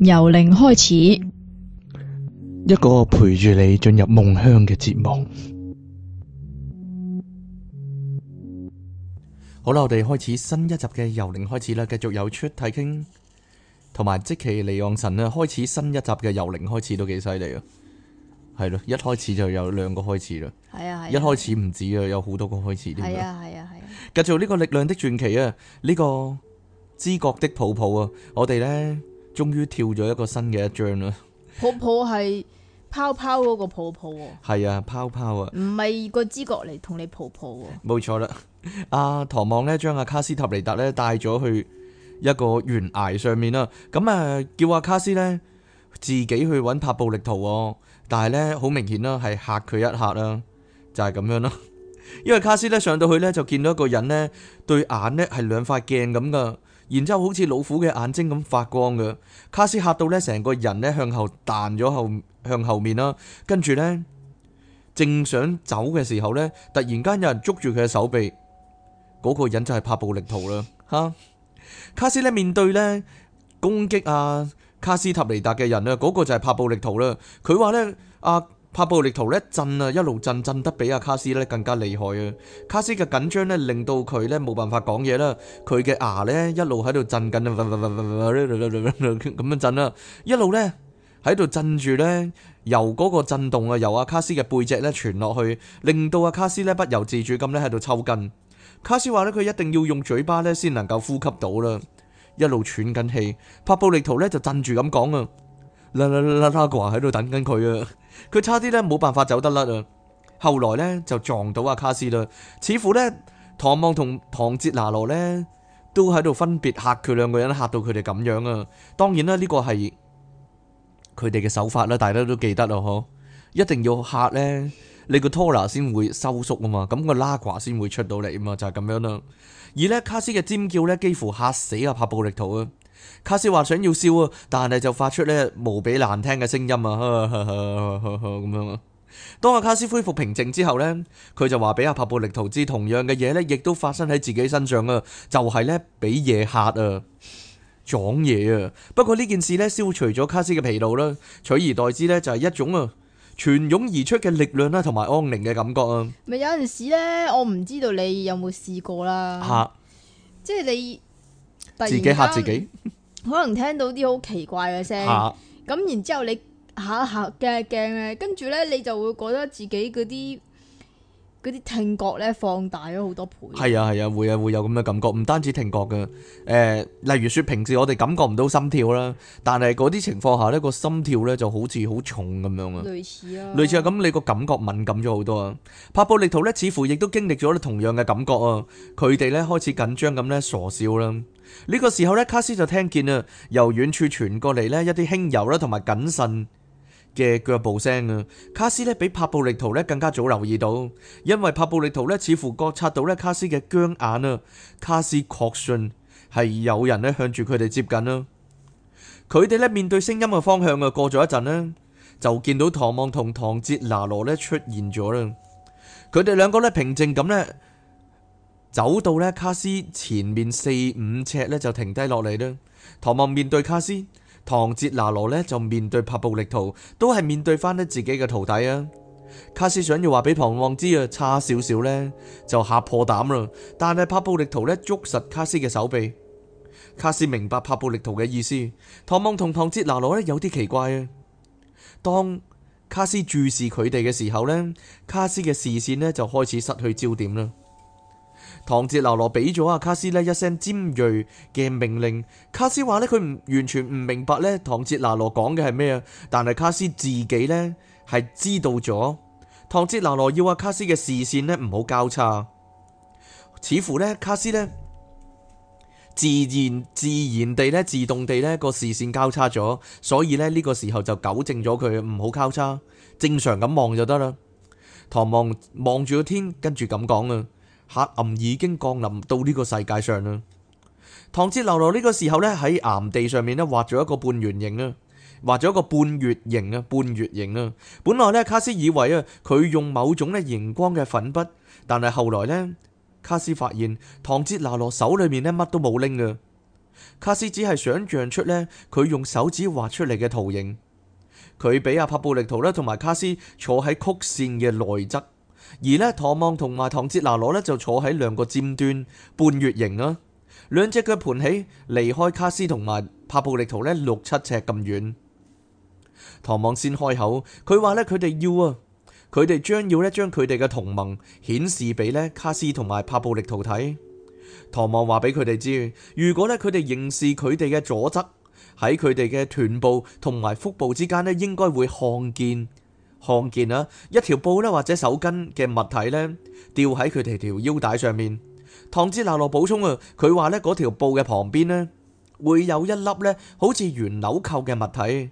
由零開始，一個陪住你進入夢鄉嘅節目。好啦，我哋開始新一集嘅由零開始啦。繼續有出睇傾，同埋即其利昂神啊，開始新一集嘅由零開始都幾犀利啊。係咯，一開始就有兩個開始啦。係啊，啊一開始唔止啊，有好多個開始添啊。係啊，係啊，係啊。繼續呢個力量的傳奇啊，呢個知覺的泡泡啊，我哋咧。終於跳咗一個新嘅一章啦！泡泡係泡泡嗰個泡泡喎，係啊，泡泡啊，唔係個知覺嚟同你泡泡喎，啊，冇錯啦。阿唐望咧將阿卡斯塔尼達咧帶咗去一個懸崖上面啦，咁啊叫阿卡斯咧自己去揾拍暴力圖喎，啊，但係咧好明顯啦，係嚇佢一嚇啦，就係、是、咁樣啦。因為卡斯咧上到去咧就見到一個人咧對眼咧係兩塊鏡咁噶。然之後好似老虎嘅眼睛咁發光嘅，卡斯嚇到咧，成個人咧向後彈咗後向後面啦。跟住咧，正想走嘅時候咧，突然間有人捉住佢嘅手臂，嗰、那個人就係帕布力圖啦。吓，卡斯咧面對咧攻擊阿、啊、卡斯塔尼達嘅人啦，嗰、那個就係帕布力圖啦。佢話咧阿。啊帕布力圖咧震啊，一路震震得比阿卡斯咧更加厲害啊！卡斯嘅緊張咧令到佢咧冇辦法講嘢啦，佢嘅牙咧一路喺度震緊啊，咁 樣震啦，一路咧喺度震住咧，由嗰個震動啊由阿卡斯嘅背脊咧傳落去，令到阿卡斯咧不由自主咁咧喺度抽筋。卡斯話咧佢一定要用嘴巴咧先能夠呼吸到啦，一路喘緊氣。帕布力圖咧就震住咁講啊！拉拉拉拉，拉挂喺度等緊佢啊！佢差啲咧冇辦法走得甩啊！後來咧就撞到阿卡斯啦，似乎咧唐望同唐哲拿羅咧都喺度分別嚇佢兩個人，嚇到佢哋咁樣啊！當然啦，呢、這個係佢哋嘅手法啦，大家都記得啊！嗬，一定要嚇咧，你個拖拿先會收縮啊嘛，咁、那個拉挂先會出到嚟啊嘛，就係、是、咁樣啦。而咧卡斯嘅尖叫咧，幾乎嚇死阿拍布力圖啊！卡斯話想要笑啊，但係就發出咧無比難聽嘅聲音啊，咁樣。當阿卡斯恢復平靜之後呢，佢就話俾阿帕布力圖知，同樣嘅嘢呢亦都發生喺自己身上啊，就係呢俾嘢吓啊，撞嘢啊。不過呢件事呢，消除咗卡斯嘅疲勞啦，取而代之呢就係一種啊全湧而出嘅力量啦，同埋安寧嘅感覺啊。咪有陣時咧，我唔知道你有冇試過啦吓，啊、即係你自己吓自己。可能聽到啲好奇怪嘅聲，咁然之後你嚇一嚇驚驚咧，跟住咧你就會覺得自己嗰啲。嗰啲聽覺咧放大咗好多倍。係啊係啊，會啊會有咁嘅感覺，唔單止聽覺嘅。誒，例如説平時我哋感覺唔到心跳啦，但係嗰啲情況下咧，個心跳咧就好似好重咁樣啊。類似啊。類似啊，咁你個感覺敏感咗好多啊。帕布力圖咧似乎亦都經歷咗同樣嘅感覺啊。佢哋咧開始緊張咁咧傻笑啦。呢個時候咧，卡斯就聽見啊，由遠處傳過嚟咧一啲輕柔啦同埋謹慎嘅腳步聲啊，卡斯呢比帕布力圖呢更加早留意到，因為帕布力圖呢似乎覺察到呢卡斯嘅僵硬啊，卡斯確信係有人呢向住佢哋接近啦。佢哋呢面對聲音嘅方向啊，過咗一陣呢，就見到唐望同唐哲拿羅呢出現咗啦。佢哋兩個呢，平靜咁呢，走到呢卡斯前面四五尺呢，就停低落嚟啦。唐望面對卡斯。唐捷拿羅咧就面對帕布力圖，都係面對翻咧自己嘅徒弟啊。卡斯想要話俾唐望知啊，差少少呢，就嚇破膽啦。但係帕布力圖呢，捉實卡斯嘅手臂，卡斯明白帕布力圖嘅意思。唐望同唐捷拿羅呢，有啲奇怪啊。當卡斯注視佢哋嘅時候呢，卡斯嘅視線呢，就開始失去焦點啦。唐杰拿羅俾咗阿卡斯呢一聲尖銳嘅命令，卡斯話呢，佢唔完全唔明白呢唐杰拿羅講嘅係咩啊，但係卡斯自己呢，係知道咗，唐杰拿羅要阿卡斯嘅視線呢唔好交叉，似乎呢，卡斯呢自然自然地呢自動地呢個視線交叉咗，所以呢，呢個時候就糾正咗佢唔好交叉，正常咁望就得啦。唐望望住個天，跟住咁講啊。黑暗已經降臨到呢個世界上啦。唐哲拿羅呢個時候呢喺岩地上面咧畫咗一個半圓形啊，畫咗一個半月形啊，半月形啦。本來呢卡斯以為啊，佢用某種咧熒光嘅粉筆，但係後來呢，卡斯發現唐哲拿羅手裡面咧乜都冇拎啊。卡斯只係想像出呢，佢用手指畫出嚟嘅圖形，佢畀阿帕布力圖咧，同埋卡斯坐喺曲線嘅內側。而呢唐望同埋唐哲拿羅呢，就坐喺兩個尖端半月形啊，兩隻腳盤起，離開卡斯同埋帕布力圖呢六七尺咁遠。唐望先開口，佢話呢，佢哋要啊，佢哋將要呢，將佢哋嘅同盟顯示俾呢卡斯同埋帕布力圖睇。唐望話俾佢哋知，如果呢，佢哋凝視佢哋嘅左側，喺佢哋嘅臀部同埋腹部之間呢，應該會看見。看見啦，一條布咧或者手巾嘅物體咧吊喺佢哋條腰帶上面。唐哲拿羅補充啊，佢話咧嗰條布嘅旁邊咧會有一粒咧好似圓紐扣嘅物體，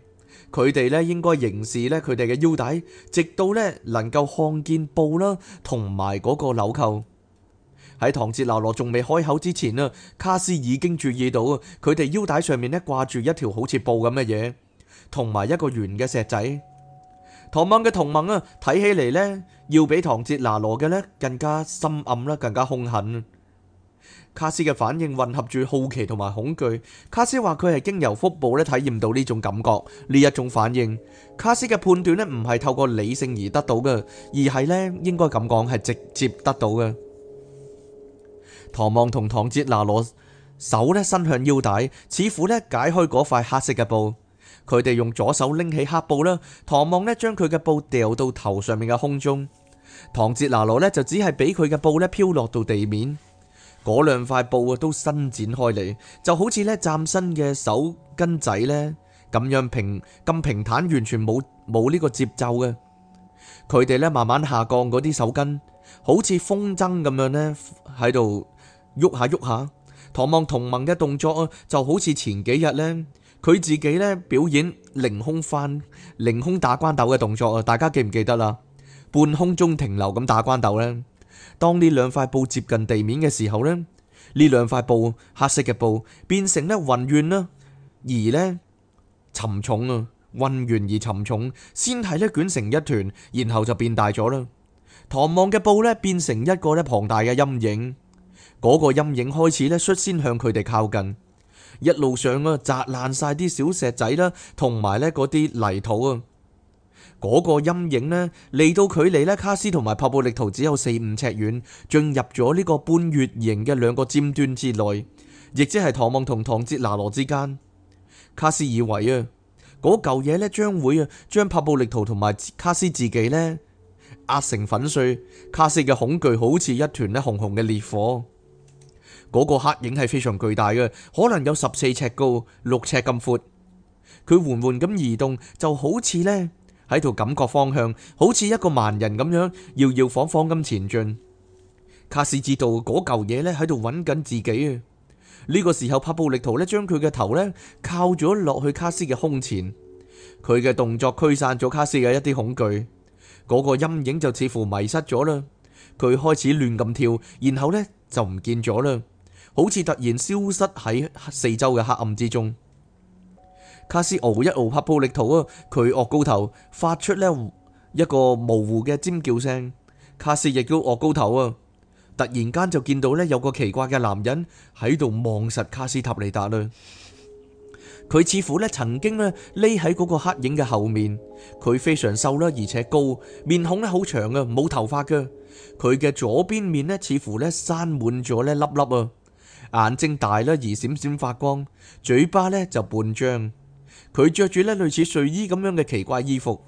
佢哋咧應該凝視咧佢哋嘅腰帶，直到咧能夠看見布啦同埋嗰個紐扣。喺唐哲拿羅仲未開口之前啊，卡斯已經注意到啊，佢哋腰帶上面咧掛住一條好似布咁嘅嘢，同埋一個圓嘅石仔。唐望嘅同盟啊，睇起嚟呢，要比唐哲拿羅嘅呢更加深暗啦，更加兇狠。卡斯嘅反應混合住好奇同埋恐懼。卡斯話佢係經由腹部呢體驗到呢種感覺，呢一種反應。卡斯嘅判斷呢唔係透過理性而得到嘅，而係呢應該咁講係直接得到嘅。唐望同唐哲拿羅手呢伸向腰帶，似乎呢解開嗰塊黑色嘅布，佢哋用左手拎起黑布啦，唐望呢將佢嘅布掉到頭上面嘅空中，唐哲拿羅呢，就只係俾佢嘅布呢，飄落到地面，嗰兩塊布啊都伸展開嚟，就好似呢嶄新嘅手巾仔呢。咁樣平咁平坦，完全冇冇呢個節奏嘅。佢哋呢，慢慢下降嗰啲手巾，好似風箏咁樣呢，喺度喐下喐下，唐望同盟嘅動作啊就好似前幾日呢。佢自己咧表演凌空翻、凌空打關鬥嘅動作啊！大家記唔記得啦？半空中停留咁打關鬥呢。當呢兩塊布接近地面嘅時候呢，呢兩塊布黑色嘅布變成咧渾圓啦，而呢，沉重啊，渾圓而沉重，先係咧捲成一團，然後就變大咗啦。唐望嘅布咧變成一個咧龐大嘅陰影，嗰個陰影開始咧率先向佢哋靠近。一路上啊，砸爛晒啲小石仔啦，同埋呢嗰啲泥土啊。嗰個陰影呢，嚟到距離呢，卡斯同埋帕布力圖只有四五尺遠，進入咗呢個半月形嘅兩個尖端之內，亦即係唐望同唐哲拿羅之間。卡斯以為啊，嗰嚿嘢呢，將會啊，將帕布力圖同埋卡斯自己呢壓成粉碎。卡斯嘅恐懼好似一團呢紅紅嘅烈火。嗰個黑影係非常巨大嘅，可能有十四尺高、六尺咁闊。佢緩緩咁移動，就好似呢喺度感覺方向，好似一個盲人咁樣搖搖晃晃咁前進。卡斯知道嗰嚿嘢呢喺度揾緊自己啊！呢個時候，帕布力圖呢將佢嘅頭呢靠咗落去卡斯嘅胸前，佢嘅動作驅散咗卡斯嘅一啲恐懼。嗰個陰影就似乎迷失咗啦，佢開始亂咁跳，然後呢就唔見咗啦。好似突然消失喺四周嘅黑暗之中。卡斯奧一嗷拍暴力圖啊！佢惡高頭發出咧一個模糊嘅尖叫聲。卡斯亦都惡高頭啊！突然間就見到咧有個奇怪嘅男人喺度望實卡斯塔尼達啦。佢似乎咧曾經咧匿喺嗰個黑影嘅後面。佢非常瘦啦，而且高，面孔咧好長啊，冇頭髮噶。佢嘅左邊面咧似乎咧生滿咗咧粒粒啊！眼睛大啦，而閃閃發光，嘴巴咧就半張。佢着住咧類似睡衣咁樣嘅奇怪衣服，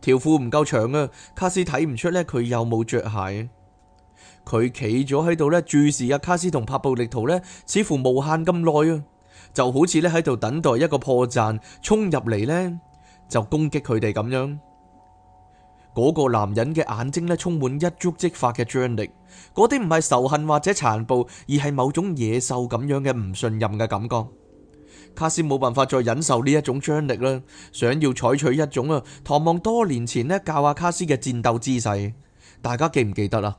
條褲唔夠長啊。卡斯睇唔出咧佢有冇着鞋。佢企咗喺度咧注視阿卡斯同帕布力圖咧，似乎無限咁耐啊，就好似咧喺度等待一個破綻衝入嚟呢就攻擊佢哋咁樣。嗰個男人嘅眼睛咧充滿一觸即發嘅張力，嗰啲唔係仇恨或者殘暴，而係某種野獸咁樣嘅唔信任嘅感覺。卡斯冇辦法再忍受呢一種張力啦，想要採取一種啊，唐望多年前咧教阿卡斯嘅戰鬥姿勢，大家記唔記得啦？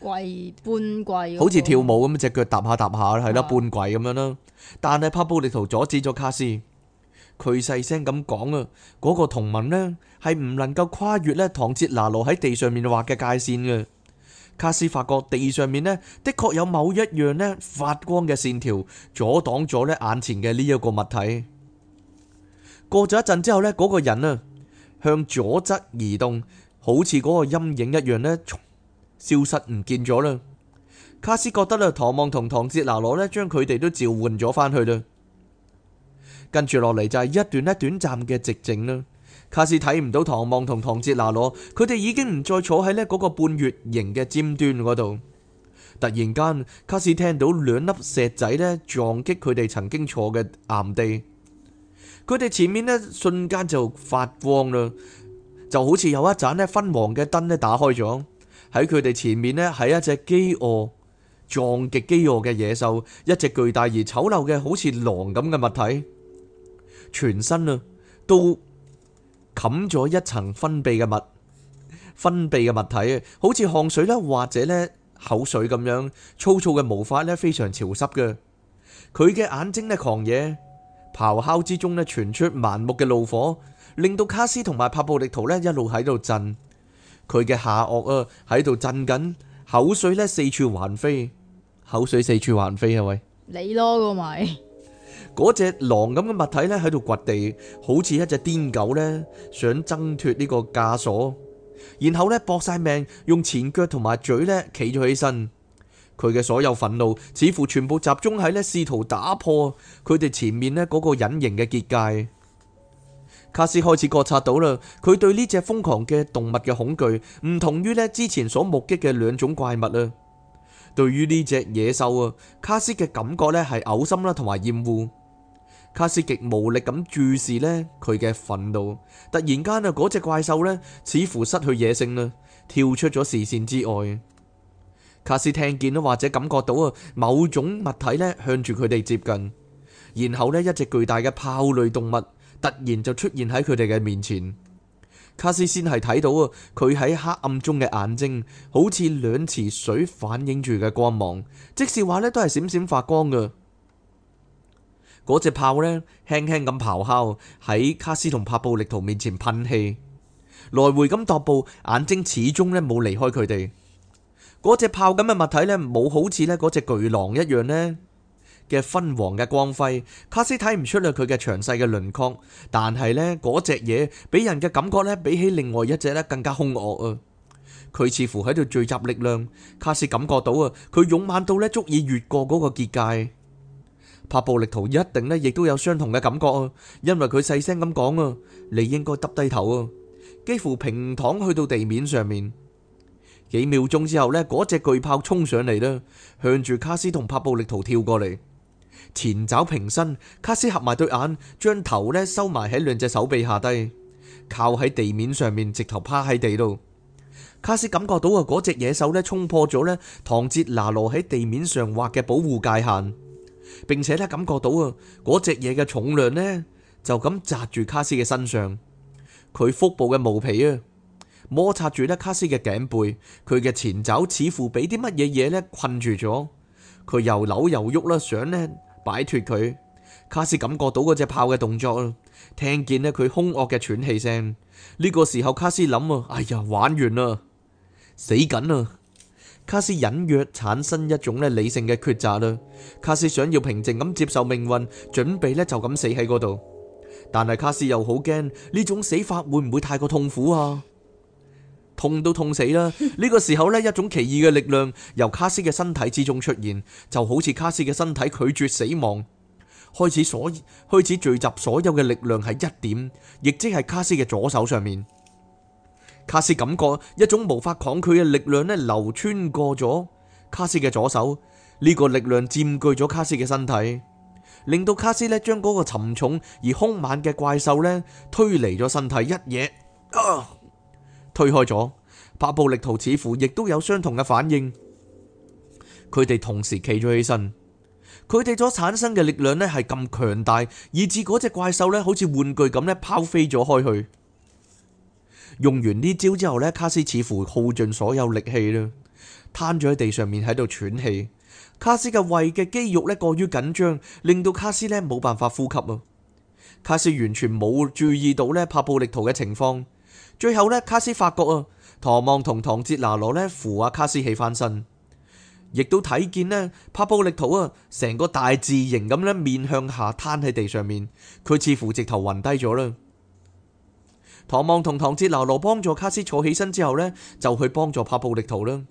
跪半跪，好似跳舞咁隻腳踏下踏下，係啦，半跪咁樣啦。但係帕布利圖阻止咗卡斯，佢細聲咁講啊，嗰個同盟咧，係唔能夠跨越咧，唐哲拿羅喺地上面畫嘅界線嘅。卡斯發覺地上面呢，的確有某一樣呢發光嘅線條阻擋咗呢眼前嘅呢一個物體。過咗一陣之後呢，嗰個人啊向左側移動，好似嗰個陰影一樣呢消失唔見咗啦。卡斯覺得咧，唐望同唐哲拿羅呢將佢哋都召喚咗翻去啦。跟住落嚟就係一段呢短暫嘅寂靜啦。卡士睇唔到唐望同唐哲拿羅，佢哋已經唔再坐喺呢嗰個半月形嘅尖端嗰度。突然間，卡士聽到兩粒石仔呢撞擊佢哋曾經坐嘅岩地，佢哋前面呢，瞬間就發光啦，就好似有一盞呢昏黃嘅燈呢打開咗。喺佢哋前面呢，係一隻飢餓、撞擊飢餓嘅野獸，一隻巨大而醜陋嘅好似狼咁嘅物體，全身啊都。冚咗一層分泌嘅物，分泌嘅物體，好似汗水咧或者咧口水咁樣，粗糙嘅毛髮咧非常潮濕嘅。佢嘅眼睛咧狂野，咆哮之中咧傳出盲目嘅怒火，令到卡斯同埋帕布力圖咧一路喺度震。佢嘅下顎啊喺度震緊，口水咧四處橫飛，口水四處橫飛啊位。你咯個咪？嗰隻狼咁嘅物體呢喺度掘地，好似一隻癲狗呢，想掙脱呢個枷鎖。然後呢，搏晒命用前腳同埋嘴呢企咗起身。佢嘅所有憤怒似乎全部集中喺呢試圖打破佢哋前面呢嗰個隱形嘅結界。卡斯開始覺察到啦，佢對呢隻瘋狂嘅動物嘅恐懼，唔同於呢之前所目擊嘅兩種怪物啦。對於呢隻野獸啊，卡斯嘅感覺呢係嘔心啦同埋厭惡。卡斯極無力咁注視呢佢嘅憤怒，突然間啊，嗰隻怪獸呢似乎失去野性啦，跳出咗視線之外。卡斯聽見或者感覺到啊，某種物體呢向住佢哋接近，然後呢，一隻巨大嘅豹類動物突然就出現喺佢哋嘅面前。卡斯先係睇到啊，佢喺黑暗中嘅眼睛好似兩池水反映住嘅光芒，即使話呢都係閃閃發光嘅。嗰隻豹呢，輕輕咁咆哮，喺卡斯同帕布力圖面前噴氣，來回咁踱步，眼睛始終冇離開佢哋。嗰隻豹咁嘅物體冇好似嗰隻巨狼一樣呢嘅昏黃嘅光輝。卡斯睇唔出佢嘅詳細嘅輪廓，但係呢，嗰隻嘢俾人嘅感覺比起另外一隻更加凶惡啊！佢似乎喺度聚集力量，卡斯感覺到啊，佢勇猛到足以越過嗰個結界。帕布力圖一定呢亦都有相同嘅感覺啊！因為佢細聲咁講啊，你應該耷低頭啊，幾乎平躺去到地面上面。幾秒鐘之後呢，嗰隻巨炮衝上嚟啦，向住卡斯同帕布力圖跳過嚟，前爪平伸。卡斯合埋對眼，將頭收埋喺兩隻手臂下低，靠喺地面上面，直頭趴喺地度。卡斯感覺到啊，嗰隻野獸呢，衝破咗呢唐哲拿羅喺地面上畫嘅保護界限。並且咧感覺到啊，嗰隻嘢嘅重量呢，就咁壓住卡斯嘅身上，佢腹部嘅毛皮啊摩擦住咧卡斯嘅頸背，佢嘅前爪似乎俾啲乜嘢嘢呢困住咗，佢又扭又喐啦，想呢擺脫佢。卡斯感覺到嗰隻炮嘅動作啦，聽見佢兇惡嘅喘氣聲，呢個時候卡斯諗啊，哎呀玩完啦，死緊啦！卡斯隱約產生一種咧理性嘅抉擇啦，卡斯想要平靜咁接受命運，準備咧就咁死喺嗰度。但係卡斯又好驚呢種死法會唔會太過痛苦啊？痛到痛死啦！呢個時候呢，一種奇異嘅力量由卡斯嘅身體之中出現，就好似卡斯嘅身體拒絕死亡，開始所開始聚集所有嘅力量喺一點，亦即係卡斯嘅左手上面。卡斯感覺一種無法抗拒嘅力量流穿過咗卡斯嘅左手，呢、這個力量佔據咗卡斯嘅身體，令到卡斯咧將嗰個沉重而凶猛嘅怪獸推離咗身體，一嘢、啊、推開咗。白布力圖似乎亦都有相同嘅反應，佢哋同時企咗起身，佢哋所產生嘅力量咧係咁強大，以致嗰隻怪獸好似玩具咁呢拋飛咗開去。用完呢招之後呢，卡斯似乎耗盡所有力氣啦，癱咗喺地上面喺度喘氣。卡斯嘅胃嘅肌肉呢過於緊張，令到卡斯呢冇辦法呼吸啊！卡斯完全冇注意到呢帕布力圖嘅情況。最後呢，卡斯發覺啊，唐望同唐哲拿羅呢扶阿卡斯起翻身，亦都睇見呢帕布力圖啊，成個大字形咁咧面向下癱喺地上面，佢似乎直頭暈低咗啦。唐望同唐哲拿羅幫助卡斯坐起身之後呢，就去幫助帕布力圖啦。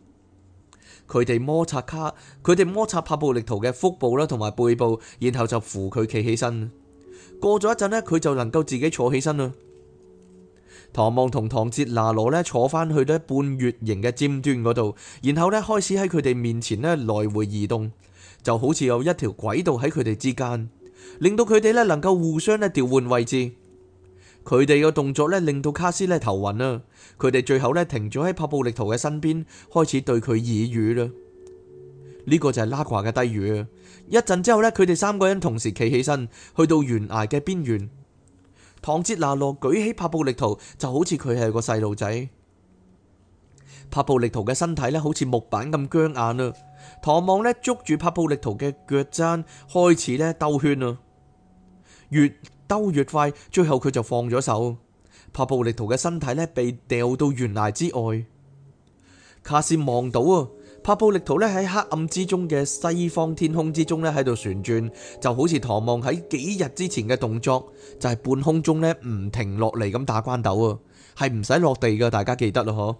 佢哋摩擦卡，佢哋摩擦帕布力圖嘅腹部啦，同埋背部，然後就扶佢企起身。過咗一陣呢，佢就能夠自己坐起身啦。唐望同唐哲拿羅呢坐翻去呢半月形嘅尖端嗰度，然後呢開始喺佢哋面前呢來回移動，就好似有一條軌道喺佢哋之間，令到佢哋呢能夠互相呢調換位置。佢哋嘅動作咧，令到卡斯咧頭暈啦。佢哋最後咧停咗喺帕布力圖嘅身邊，開始對佢耳語啦。呢、這個就係拉華嘅低語啊。一陣之後咧，佢哋三個人同時企起身，去到懸崖嘅邊緣。唐哲拿洛舉起帕布力圖，就好似佢係個細路仔。帕布力圖嘅身體咧，好似木板咁僵硬啊。唐望咧捉住帕布力圖嘅腳踭，開始咧兜圈啊。越兜越快，最後佢就放咗手，帕布力圖嘅身體咧被掉到懸崖之外。卡斯望到啊，帕布力圖咧喺黑暗之中嘅西方天空之中咧喺度旋轉，就好似唐望喺幾日之前嘅動作，就係半空中咧唔停落嚟咁打關斗啊，係唔使落地㗎。大家記得咯，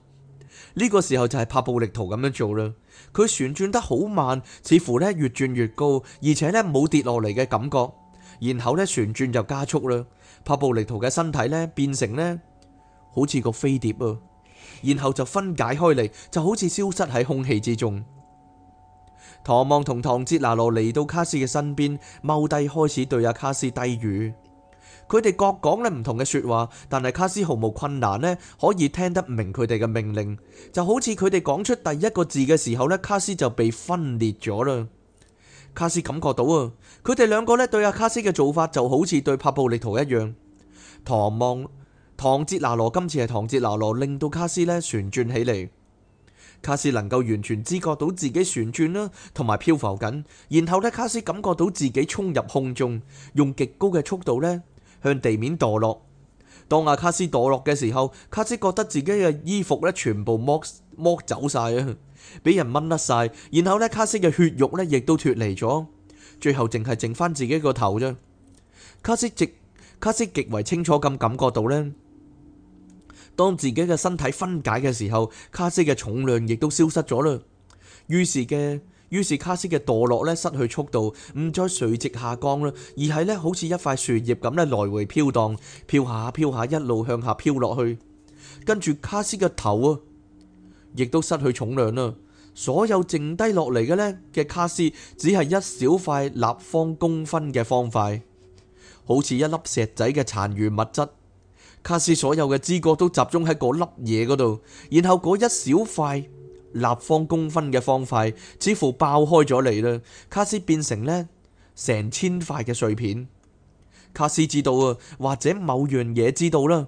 嗬？呢個時候就係帕布力圖咁樣做啦。佢旋轉得好慢，似乎咧越轉越高，而且咧冇跌落嚟嘅感覺。然後咧旋轉就加速啦，帕布尼圖嘅身體咧變成呢，好似個飛碟啊，然後就分解開嚟，就好似消失喺空氣之中。唐望同唐哲拿羅嚟到卡斯嘅身邊，踎低開始對阿、啊、卡斯低語，佢哋各講咧唔同嘅說話，但係卡斯毫無困難呢可以聽得明佢哋嘅命令，就好似佢哋講出第一個字嘅時候呢卡斯就被分裂咗啦。卡斯感覺到啊，佢哋兩個咧對阿卡斯嘅做法就好似對帕布利圖一樣。唐望唐哲拿羅今次係唐哲拿羅令到卡斯咧旋轉起嚟。卡斯能夠完全知覺到自己旋轉啦，同埋漂浮緊。然後呢，卡斯感覺到自己衝入空中，用極高嘅速度呢向地面墮落。當阿卡斯墮落嘅時候，卡斯覺得自己嘅衣服呢全部剝剝走晒啊！俾人掹甩晒，然後呢，卡斯嘅血肉呢亦都脫離咗，最後淨係剩翻自己個頭啫。卡斯極，卡斯極為清楚咁感覺到呢，當自己嘅身體分解嘅時候，卡斯嘅重量亦都消失咗啦。於是嘅，於是卡斯嘅墮落呢，失去速度，唔再垂直下降啦，而係呢，好似一塊樹葉咁呢來回飄蕩，飄下飄下，一路向下飄落去。跟住卡斯嘅頭啊，亦都失去重量啦，所有剩低落嚟嘅呢嘅卡斯，只係一小塊立方公分嘅方塊，好似一粒石仔嘅殘餘物質。卡斯所有嘅知覺都集中喺嗰粒嘢嗰度，然後嗰一小塊立方公分嘅方塊，似乎爆開咗嚟啦。卡斯變成呢成千塊嘅碎片。卡斯知道啊，或者某樣嘢知道啦。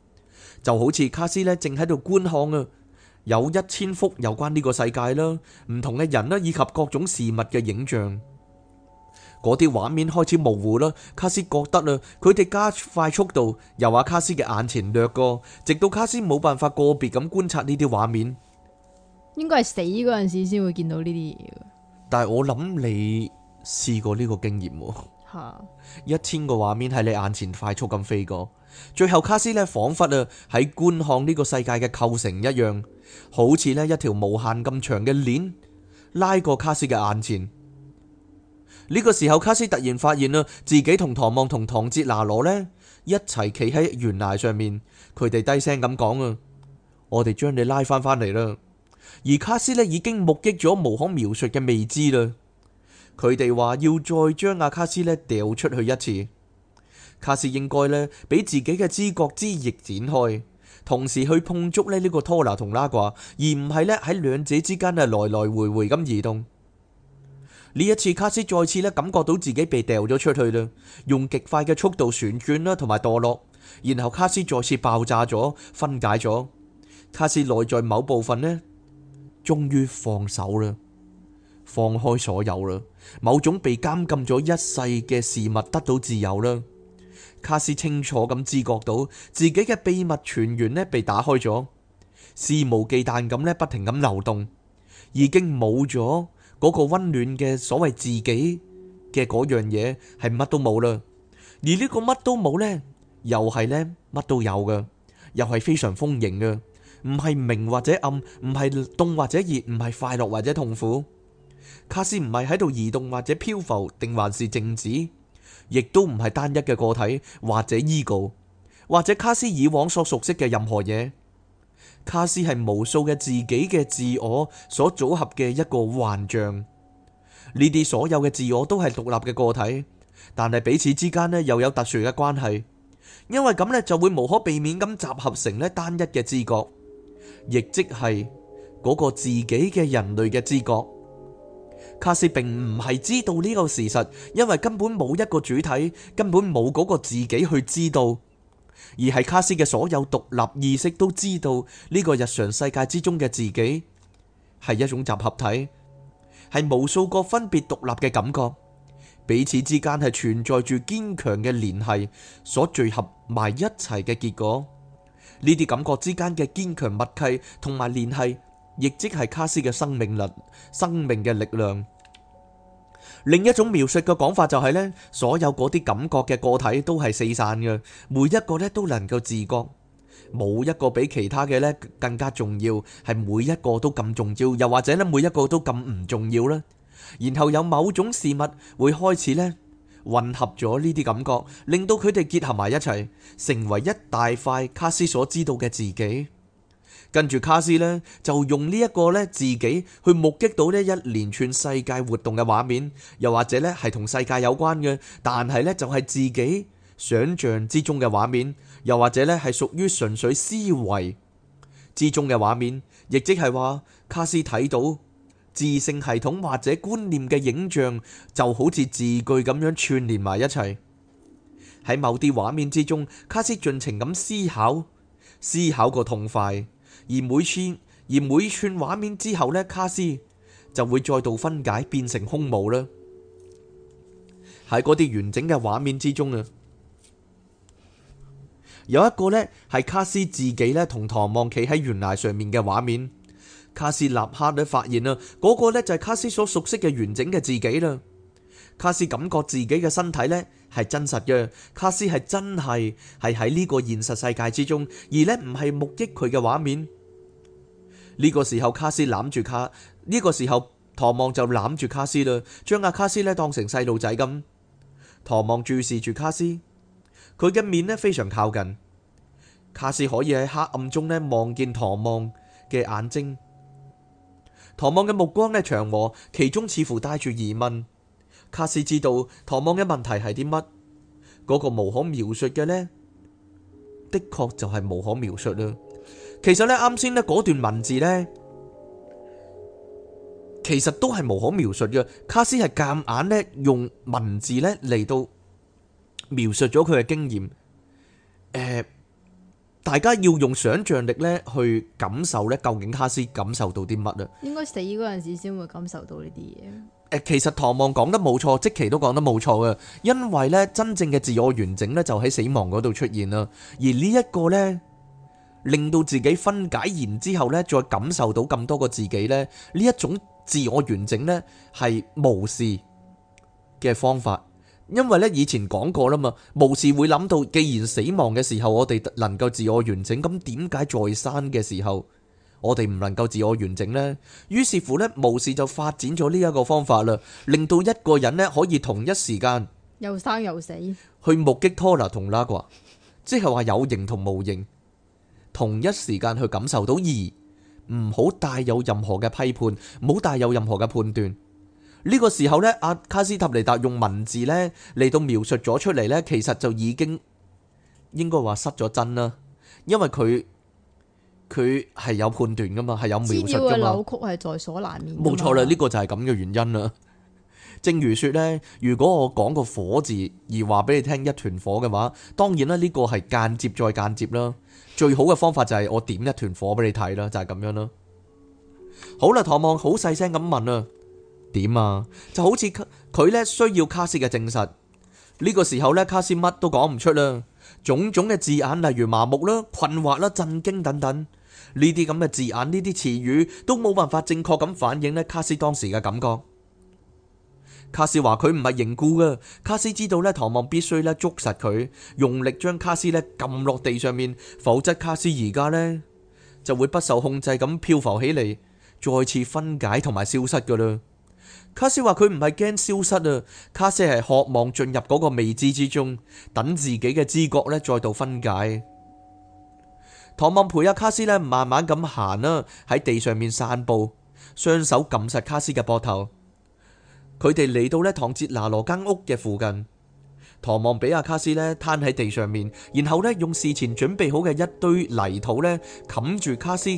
就好似卡斯咧，正喺度觀看啊，有一千幅有關呢個世界啦、啊，唔同嘅人啦、啊，以及各種事物嘅影像。嗰啲畫面開始模糊啦，卡斯覺得啦、啊，佢哋加快速度由卡斯嘅眼前掠過、啊，直到卡斯冇辦法個別咁觀察呢啲畫面。應該係死嗰陣時先會見到呢啲嘢。但係我諗你試過呢個經驗喎、啊， 一千個畫面喺你眼前快速咁飛過。最後，卡斯呢，仿佛啊喺觀看呢個世界嘅構成一樣，好似呢一條無限咁長嘅鏈拉過卡斯嘅眼前。呢、這個時候，卡斯突然發現啊自己同唐望同唐哲拿羅呢，一齊企喺懸崖上面，佢哋低聲咁講啊：我哋將你拉翻返嚟啦。而卡斯呢，已經目擊咗無可描述嘅未知啦。佢哋話要再將阿卡斯呢掉出去一次。卡斯應該呢俾自己嘅知覺之翼展開，同時去碰觸呢個拖拿同拉掛，而唔係呢喺兩者之間啊來來回回咁移動。呢一次卡斯再次呢感覺到自己被掉咗出去啦，用極快嘅速度旋轉啦，同埋墮落，然後卡斯再次爆炸咗，分解咗。卡斯內在某部分呢終於放手啦，放開所有啦，某種被監禁咗一世嘅事物得到自由啦。卡斯清楚咁知覺到自己嘅秘密泉源咧，被打開咗，肆無忌憚咁咧，不停咁流動，已經冇咗嗰個溫暖嘅所謂自己嘅嗰樣嘢，係乜都冇啦。而呢個乜都冇呢，又係呢，乜都有嘅，又係非常豐盈嘅，唔係明或者暗，唔係凍或者熱，唔係快樂或者痛苦。卡斯唔係喺度移動或者漂浮，定還是靜止？亦都唔係單一嘅個體，或者 ego，或者卡斯以往所熟悉嘅任何嘢。卡斯係無數嘅自己嘅自我所組合嘅一個幻象。呢啲所有嘅自我都係獨立嘅個體，但係彼此之間呢又有特殊嘅關係，因為咁呢就會無可避免咁集合成呢單一嘅知覺，亦即係嗰個自己嘅人類嘅知覺。卡斯並唔係知道呢個事實，因為根本冇一個主體，根本冇嗰個自己去知道，而係卡斯嘅所有獨立意識都知道呢個日常世界之中嘅自己係一種集合體，係無數個分別獨立嘅感覺，彼此之間係存在住堅強嘅聯繫，所聚合埋一齊嘅結果。呢啲感覺之間嘅堅強默契同埋聯繫。亦即係卡斯嘅生命力、生命嘅力量。另一種描述嘅講法就係呢，所有嗰啲感覺嘅個體都係四散嘅，每一個呢都能夠自覺，冇一個比其他嘅呢更加重要，係每一個都咁重要，又或者呢，每一個都咁唔重要啦。然後有某種事物會開始呢混合咗呢啲感覺，令到佢哋結合埋一齊，成為一大塊卡斯所知道嘅自己。跟住卡斯呢，就用呢一個呢，自己去目擊到呢一連串世界活動嘅畫面，又或者呢係同世界有關嘅，但係呢就係自己想象之中嘅畫面，又或者呢係屬於純粹思維之中嘅畫面，亦即係話卡斯睇到智性系統或者觀念嘅影像，就好似字句咁樣串聯埋一齊。喺某啲畫面之中，卡斯盡情咁思考，思考個痛快。而每串而每串畫面之後呢，卡斯就會再度分解，變成空無啦。喺嗰啲完整嘅畫面之中啊，有一個呢係卡斯自己呢同唐望企喺懸崖上面嘅畫面。卡斯立刻咧發現啊，嗰個呢就係卡斯所熟悉嘅完整嘅自己啦。卡斯感覺自己嘅身體呢，係真實嘅，卡斯係真係係喺呢個現實世界之中，而呢唔係目擊佢嘅畫面。呢個時候，卡斯攬住卡，呢個時候，唐望就攬住卡斯啦，將阿卡斯呢當成細路仔咁。唐望注視住卡斯，佢嘅面咧非常靠近，卡斯可以喺黑暗中呢望見唐望嘅眼睛。唐望嘅目光呢祥和，其中似乎帶住疑問。卡斯知道唐望嘅問題係啲乜，嗰個無可描述嘅咧，的確就係無可描述啦。其實咧，啱先咧嗰段文字咧，其實都係無可描述嘅。卡斯係夾硬咧用文字咧嚟到描述咗佢嘅經驗。誒，大家要用想象力咧去感受咧，究竟卡斯感受到啲乜啊？應該死嗰陣時先會感受到呢啲嘢。其實唐望講得冇錯，即其都講得冇錯嘅。因為呢，真正嘅自我完整呢，就喺死亡嗰度出現啦。而呢、這、一個呢，令到自己分解完之後呢，再感受到咁多個自己呢，呢一種自我完整呢，係巫士嘅方法。因為呢，以前講過啦嘛，巫士會諗到，既然死亡嘅時候我哋能夠自我完整，咁點解在生嘅時候？我哋唔能夠自我完整呢，於是乎呢，巫師就發展咗呢一個方法啦，令到一個人呢可以同一時間又生又死，去目擊拖拿同拉掛，即係話有形同無形同一時間去感受到二，唔好帶有任何嘅批判，唔好帶有任何嘅判斷。呢個時候呢，阿卡斯塔尼達用文字呢嚟，到描述咗出嚟，呢，其實就已經應該話失咗真啦，因為佢。佢係有判斷噶嘛，係有描述噶嘛。扭曲係在所難免。冇錯啦，呢、這個就係咁嘅原因啦。 正如説呢，如果我講個火字而話俾你聽一團火嘅話，當然啦，呢、這個係間接再間接啦。最好嘅方法就係我點一團火俾你睇啦，就係、是、咁樣啦。好啦，唐望好細聲咁問啊，點啊？就好似佢呢需要卡斯嘅證實。呢、這個時候呢，卡斯乜都講唔出啦。種種嘅字眼例如麻木啦、困惑啦、震驚等等。呢啲咁嘅字眼，呢啲詞語都冇辦法正確咁反映咧卡斯當時嘅感覺。卡斯話佢唔係凝固㗎，卡斯知道咧唐望必須咧捉實佢，用力將卡斯咧撳落地上面，否則卡斯而家呢就會不受控制咁漂浮起嚟，再次分解同埋消失噶啦。卡斯話佢唔係驚消失啊，卡斯係渴望進入嗰個未知之中，等自己嘅知覺咧再度分解。唐望陪阿卡斯咧，慢慢咁行啦，喺地上面散步，雙手撳實卡斯嘅膊頭。佢哋嚟到呢，唐哲拿羅間屋嘅附近，唐望俾阿卡斯呢癱喺地上面，然後呢，用事前準備好嘅一堆泥土呢，冚住卡斯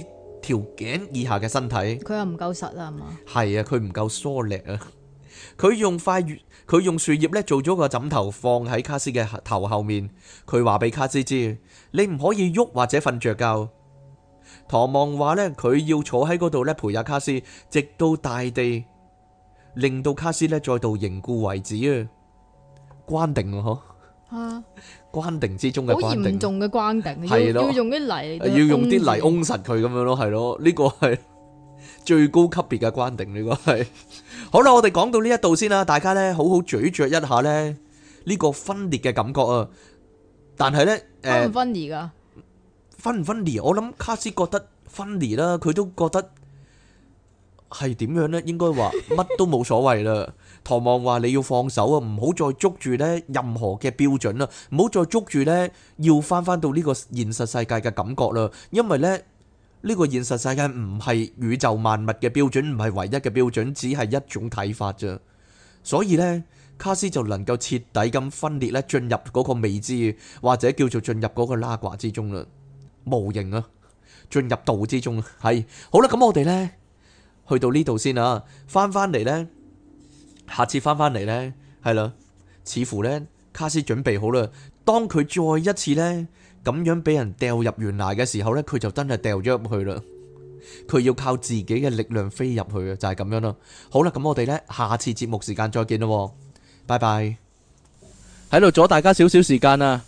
條頸以下嘅身體。佢又唔夠實啊，係嘛？係 啊，佢唔夠疏力啊。佢用塊，佢用樹葉呢做咗個枕頭，放喺卡斯嘅頭後面。佢話俾卡斯知。你唔可以喐或者瞓着覺。唐望話咧，佢要坐喺嗰度咧陪阿卡斯，直到大地令到卡斯咧再度凝固為止啊！關定啊，嗬啊！關定之中嘅關定，好嚴重嘅關定，係咯，要用啲泥，要用啲泥翁實佢咁樣咯，係咯，呢個係最高級別嘅關定，呢個係。好啦，我哋講到呢一度先啦，大家咧好好咀嚼一下咧呢個分裂嘅感覺啊！但係呢，誒，分唔分離噶？分唔分離？我諗卡斯覺得分離啦，佢都覺得係點樣呢？應該話乜都冇所謂啦。唐望話你要放手啊，唔好再捉住呢任何嘅標準啦，唔好再捉住呢要翻翻到呢個現實世界嘅感覺啦。因為呢呢個現實世界唔係宇宙萬物嘅標準，唔係唯一嘅標準，只係一種睇法咋。所以呢。卡斯就能夠徹底咁分裂咧，進入嗰個未知或者叫做進入嗰個拉掛之中啦，無形啊，進入道之中啊。係好啦，咁我哋咧去到呢度先啊，翻翻嚟咧，下次翻翻嚟咧係啦。似乎咧，卡斯準備好啦。當佢再一次咧咁樣俾人掉入懸崖嘅時候咧，佢就真係掉咗入去啦。佢要靠自己嘅力量飛入去啊，就係咁樣啦。好啦，咁我哋咧下次節目時間再見啦。拜拜，喺度阻大家少少時間啊！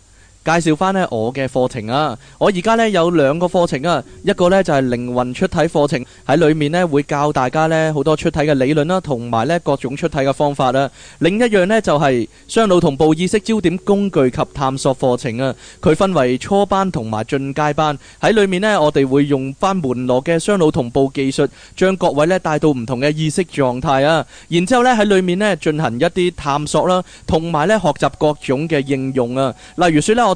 介紹翻呢我嘅課程啊！我而家呢有兩個課程啊，一個呢就係靈魂出體課程，喺裏面呢會教大家呢好多出體嘅理論啦，同埋呢各種出體嘅方法啊。另一樣呢就係雙腦同步意識焦點工具及探索課程啊。佢分為初班同埋進階班，喺裏面呢我哋會用翻門羅嘅雙腦同步技術，將各位呢帶到唔同嘅意識狀態啊。然之後呢喺裏面呢進行一啲探索啦，同埋呢學習各種嘅應用啊。例如説呢我。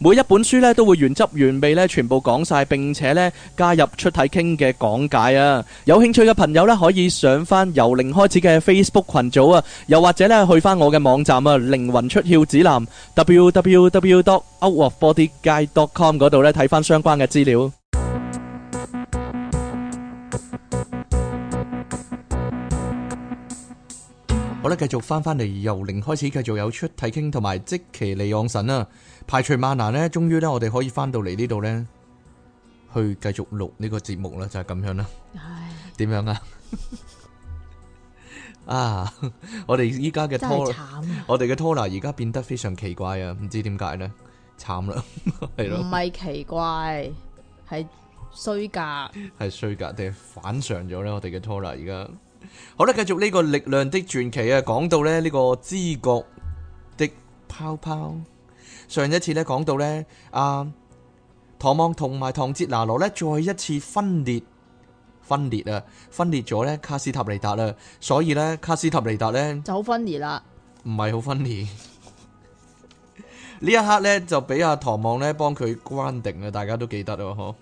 每一本書咧都會原汁原味咧全部講晒，並且咧加入出體傾嘅講解啊！有興趣嘅朋友咧可以上翻由零開始嘅 Facebook 群組啊，又或者咧去翻我嘅網站啊，靈魂出竅指南 www.outofbodyguide.com 嗰度咧睇翻相關嘅資料。好啦，繼續翻翻嚟由零開始，繼續有出體傾同埋即奇利昂神啊！排除萬難咧，終於咧，我哋可以翻到嚟呢度咧，去繼續錄呢個節目啦，就係、係、咁樣啦。點樣啊？ 啊！我哋依家嘅拖，啊、我哋嘅拖拉而家變得非常奇怪啊！唔知點解咧，慘啦，係咯，唔係奇怪，係衰格，係衰格定係反常咗咧？我哋嘅拖拉而家好啦，繼續呢、呢個力量的傳奇啊！講到咧呢個知覺的泡泡。上一次咧，講到咧，阿唐望同埋唐哲拿羅咧，再一次分裂，分裂啊，分裂咗咧卡斯塔尼達啦，所以咧，卡斯塔尼達咧就好分裂啦，唔係好分裂。呢一刻咧就俾阿唐望咧幫佢關定啊，大家都記得咯，嗬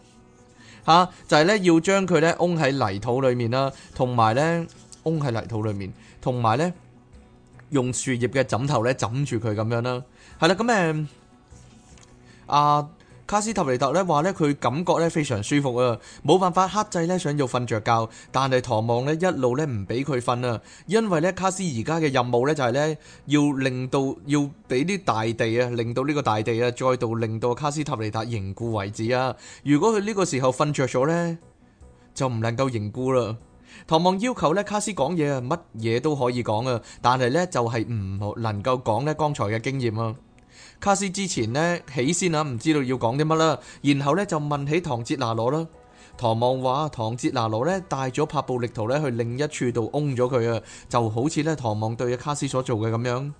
嚇，就係咧要將佢咧壅喺泥土裏面啦，同埋咧壅喺泥土裏面，同埋咧用樹葉嘅枕頭咧枕住佢咁樣啦。係啦，咁誒，阿卡斯塔尼達咧話咧，佢感覺咧非常舒服啊，冇辦法克制咧，想要瞓着覺，但係唐望咧一路咧唔俾佢瞓啊，因為咧卡斯而家嘅任務咧就係咧要令到要俾啲大地啊，令到呢個大地啊再度令到卡斯塔尼達凝固為止啊。如果佢呢個時候瞓着咗咧，就唔能夠凝固啦。唐望要求咧，卡斯講嘢啊，乜嘢都可以講啊，但係咧就係唔能夠講咧剛才嘅經驗啊。卡斯之前呢起先啊，唔知道要講啲乜啦，然後咧就問起唐哲拿羅啦。唐望話唐哲拿羅咧帶咗帕布力圖咧去另一處度嗡咗佢啊，就好似咧唐望對阿卡斯所做嘅咁樣。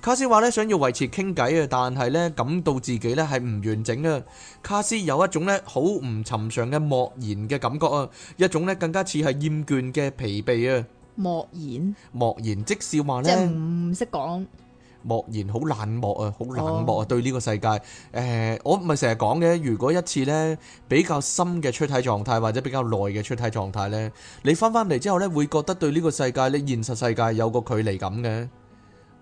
卡斯話咧，想要維持傾偈啊，但係咧感到自己咧係唔完整啊。卡斯有一種咧好唔尋常嘅莫言嘅感覺啊，一種咧更加似係厭倦嘅疲憊啊。莫言，莫言即係笑話咧，即係唔識講。莫言好冷漠啊，好冷漠啊，對呢個世界誒，我唔係成日講嘅。如果一次咧比較深嘅出體狀態，或者比較耐嘅出體狀態咧，你翻翻嚟之後咧，會覺得對呢個世界，你現實世界有個距離感嘅。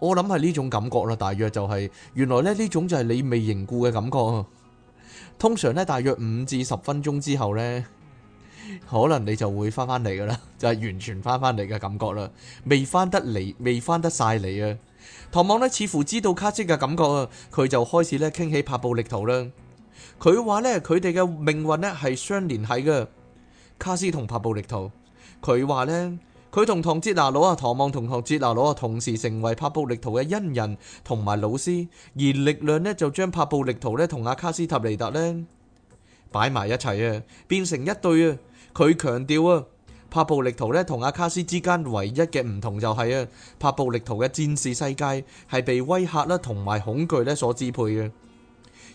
我諗係呢種感覺啦，大約就係、是、原來咧呢種就係你未凝固嘅感覺。通常呢，大約五至十分鐘之後呢，可能你就會翻返嚟噶啦，就係、是、完全翻返嚟嘅感覺啦。未翻得嚟，未翻得晒嚟啊！唐望呢，似乎知道卡斯嘅感覺啊，佢就開始咧傾起帕布力圖啦。佢話呢，佢哋嘅命運呢係相聯繫嘅，卡斯同帕布力圖。佢話呢。佢同唐哲拿攞啊，唐望同唐哲拿攞啊，同時成為拍布力圖嘅恩人同埋老師，而力量呢，就將拍布力圖呢同阿卡斯塔尼達呢擺埋一齊啊，變成一對啊。佢強調啊，拍布力圖呢同阿卡斯之間唯一嘅唔同就係啊，拍布力圖嘅戰士世界係被威嚇啦同埋恐懼呢所支配嘅。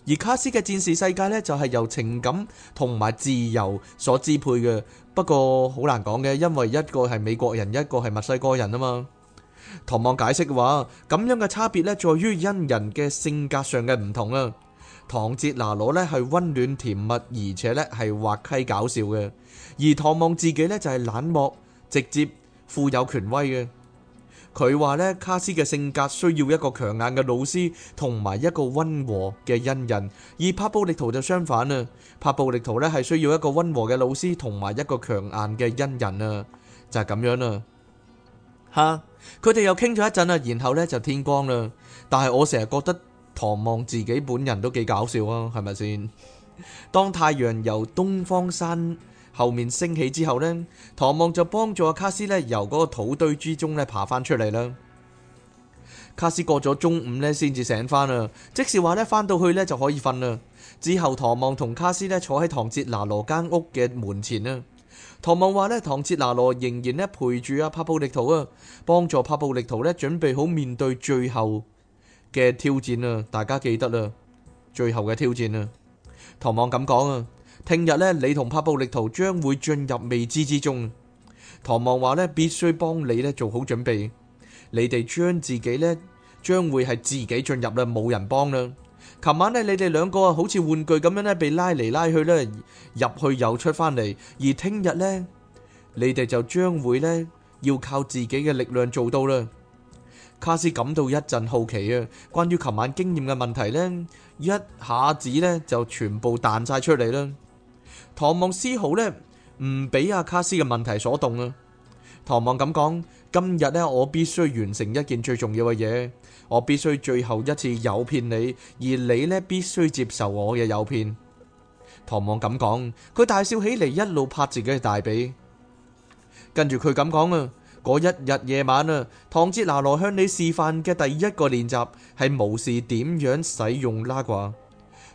而卡斯嘅戰士世界呢，就係由情感同埋自由所支配嘅。不過好難講嘅，因為一個係美國人，一個係墨西哥人啊嘛。唐望解釋嘅話，咁樣嘅差別呢，在於因人嘅性格上嘅唔同啊。唐傑拿羅呢，係溫暖甜蜜，而且呢，係滑稽搞笑嘅，而唐望自己呢，就係冷漠、直接、富有權威嘅。佢話咧卡斯嘅性格需要一個強硬嘅老師同埋一個溫和嘅恩人，而帕布力圖就相反啦。帕布力圖咧係需要一個溫和嘅老師同埋一個強硬嘅恩人啊，就係咁樣啦。吓，佢哋又傾咗一陣啦，然後呢就天光啦。但係我成日覺得唐望自己本人都幾搞笑啊，係咪先？當太陽由東方升。後面升起之後呢，唐望就幫助阿卡斯呢由嗰個土堆之中呢爬翻出嚟啦。卡斯過咗中午呢先至醒翻啊，即是話呢翻到去呢就可以瞓啦。之後唐望同卡斯呢坐喺唐哲拿羅間屋嘅門前啦。唐望話呢，唐哲拿羅仍然呢陪住阿帕布力圖啊，幫助帕布力圖呢準備好面對最後嘅挑戰啊。大家記得啦，最後嘅挑戰啊。唐望咁講啊。聽日咧，你同帕布力圖將會進入未知之中。唐望話咧，必須幫你咧做好準備。你哋將自己咧，將會係自己進入啦，冇人幫啦。琴晚咧，你哋兩個啊，好似玩具咁樣咧，被拉嚟拉去咧，入去又出翻嚟。而聽日咧，你哋就將會咧，要靠自己嘅力量做到啦。卡斯感到一陣好奇啊，關於琴晚經驗嘅問題咧，一下子咧就全部彈晒出嚟啦。唐望絲毫呢，唔俾阿卡斯嘅問題所動啊！唐望咁講：今日呢，我必須完成一件最重要嘅嘢，我必須最後一次誘騙你，而你呢必須接受我嘅誘騙。唐望咁講，佢大笑起嚟，一路拍自己嘅大髀，跟住佢咁講啊！嗰一日夜晚啊，唐哲拿羅向你示範嘅第一個練習係武士點樣使用拉掛，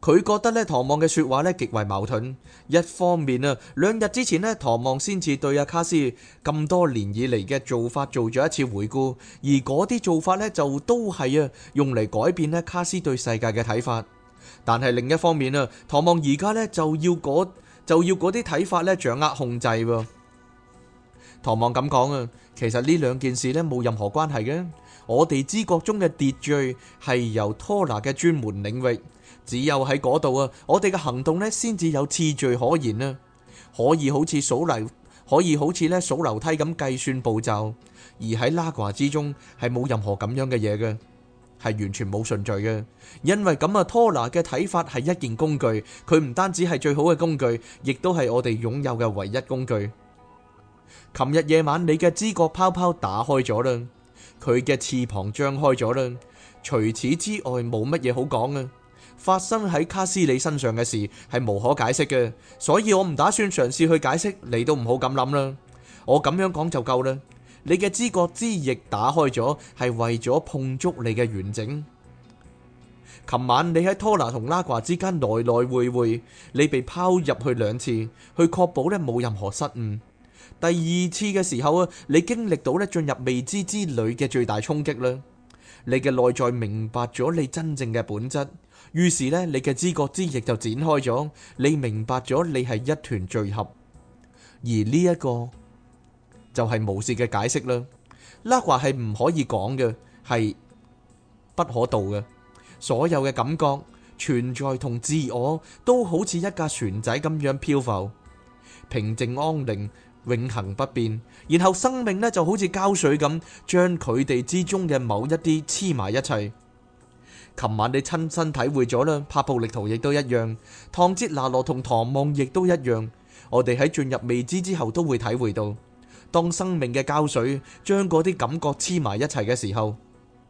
佢覺得咧，唐望嘅說話咧極為矛盾。一方面啊，兩日之前咧，唐望先至對阿卡斯咁多年以嚟嘅做法做咗一次回顧，而嗰啲做法咧就都係啊用嚟改變咧卡斯對世界嘅睇法。但係另一方面啊，唐望而家咧就要嗰，就要啲睇法咧掌握控制。唐望咁講啊，其實呢兩件事咧冇任何關係嘅。我哋知覺中嘅秩序係由托拿嘅專門領域。只有喺嗰度啊，我哋嘅行動呢，先至有次序可言啊，可以好似數樓，可以好似咧數樓梯咁計算步驟。而喺拉瓜之中，係冇任何咁樣嘅嘢嘅，係完全冇順序嘅。因為咁啊，拖拿嘅睇法係一件工具，佢唔單止係最好嘅工具，亦都係我哋擁有嘅唯一工具。琴日夜晚，你嘅知覺泡泡打開咗啦，佢嘅翅膀張開咗啦。除此之外，冇乜嘢好講啊。發生喺卡斯里身上嘅事係無可解釋嘅，所以我唔打算嘗試去解釋。你都唔好咁諗啦，我咁樣講就夠啦。你嘅知覺之翼打開咗，係為咗碰觸你嘅完整。琴晚你喺拖拿同拉瓜之間來來回回，你被拋入去兩次，去確保呢，冇任何失誤。第二次嘅時候啊，你經歷到呢進入未知之旅嘅最大衝擊啦。你嘅內在明白咗你真正嘅本質。於是呢，你嘅知覺之翼就展開咗，你明白咗你係一團聚合，而呢一個就係無視嘅解釋啦。那話係唔可以講嘅，係不可道嘅。所有嘅感覺、存在同自我都好似一架船仔咁樣漂浮，平靜安寧，永恒不變。然後生命呢，就好似膠水咁，將佢哋之中嘅某一啲黐埋一齊。琴晚，你親身體會咗啦，帕布力圖亦都一樣，唐哲拿洛同唐望亦都一樣。我哋喺進入未知之後都會體會到，當生命嘅膠水將嗰啲感覺黐埋一齊嘅時候，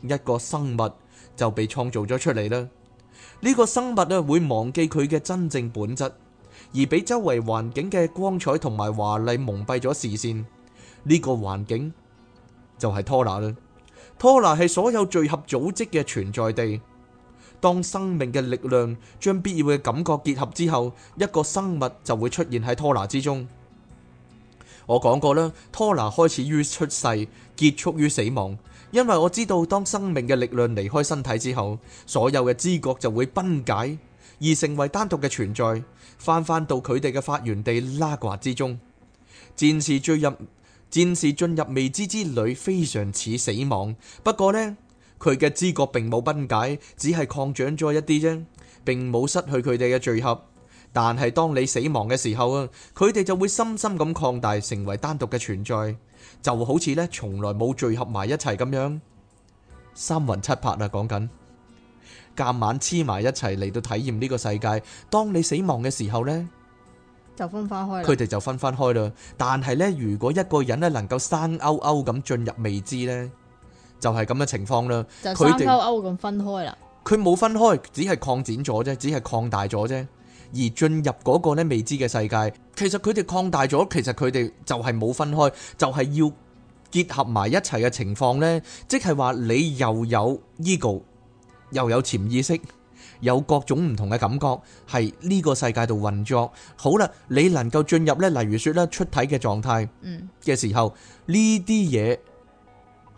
一個生物就被創造咗出嚟啦。呢、這個生物呢，會忘記佢嘅真正本質，而俾周圍環境嘅光彩同埋華麗蒙蔽咗視線。呢、這個環境就係托拿啦，托拿係所有聚合組織嘅存在地。當生命嘅力量將必要嘅感覺結合之後，一個生物就會出現喺托拿之中。我講過啦，托拿開始於出世，結束於死亡。因為我知道，當生命嘅力量離開身體之後，所有嘅知覺就會崩解，而成為單獨嘅存在，翻返到佢哋嘅發源地拉卦之中。戰士墜入，戰士進入未知之旅，非常似死亡。不過呢。佢嘅知覺並冇崩解，只係擴張咗一啲啫，並冇失去佢哋嘅聚合。但係當你死亡嘅時候啊，佢哋就會深深咁擴大，成為單獨嘅存在，就好似呢，從來冇聚合埋一齊咁樣。三魂七魄啊，講緊，夾晚黐埋一齊嚟到體驗呢個世界。當你死亡嘅時候呢，就分返開，佢哋就分返開啦。但係呢，如果一個人呢，能夠生勾勾咁進入未知呢。就係咁嘅情況啦，佢哋，勾勾咁分開啦。佢冇分開，只係擴展咗啫，只係擴大咗啫。而進入嗰個咧未知嘅世界，其實佢哋擴大咗，其實佢哋就係冇分開，就係、是、要結合埋一齊嘅情況咧。即係話你又有 ego，又有潛意識，有各種唔同嘅感覺，係呢個世界度運作。好啦，你能夠進入咧，例如說咧出體嘅狀態，嗯嘅時候呢啲嘢。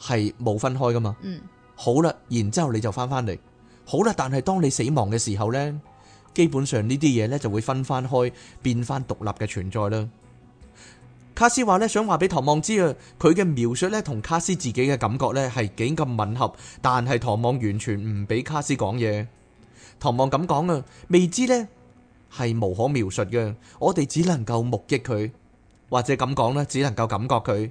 係冇分開噶嘛？嗯，好啦，然之後你就翻翻嚟，好啦，但係當你死亡嘅時候呢，基本上呢啲嘢呢就會分翻開，變翻獨立嘅存在啦。卡斯話呢，想話俾唐望知啊，佢嘅描述呢同卡斯自己嘅感覺呢係幾咁吻合，但係唐望完全唔俾卡斯講嘢。唐望咁講啊，未知呢係無可描述嘅，我哋只能夠目擊佢，或者咁講呢，只能夠感覺佢。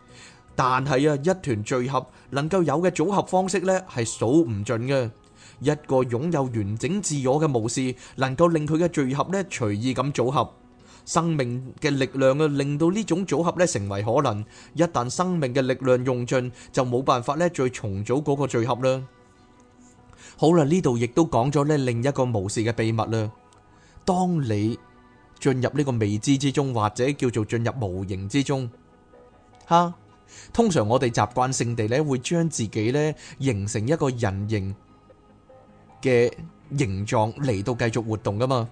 但係啊，一團聚合能夠有嘅組合方式呢，係數唔盡嘅。一個擁有完整自我嘅巫師，能夠令佢嘅聚合呢隨意咁組合。生命嘅力量啊，令到呢種組合呢成為可能。一旦生命嘅力量用盡，就冇辦法呢再重組嗰個聚合啦。好啦，呢度亦都講咗呢另一個巫師嘅秘密啦。當你進入呢個未知之中，或者叫做進入無形之中，哈。通常我哋習慣性地咧會將自己咧形成一個人形嘅形狀嚟到繼續活動噶嘛，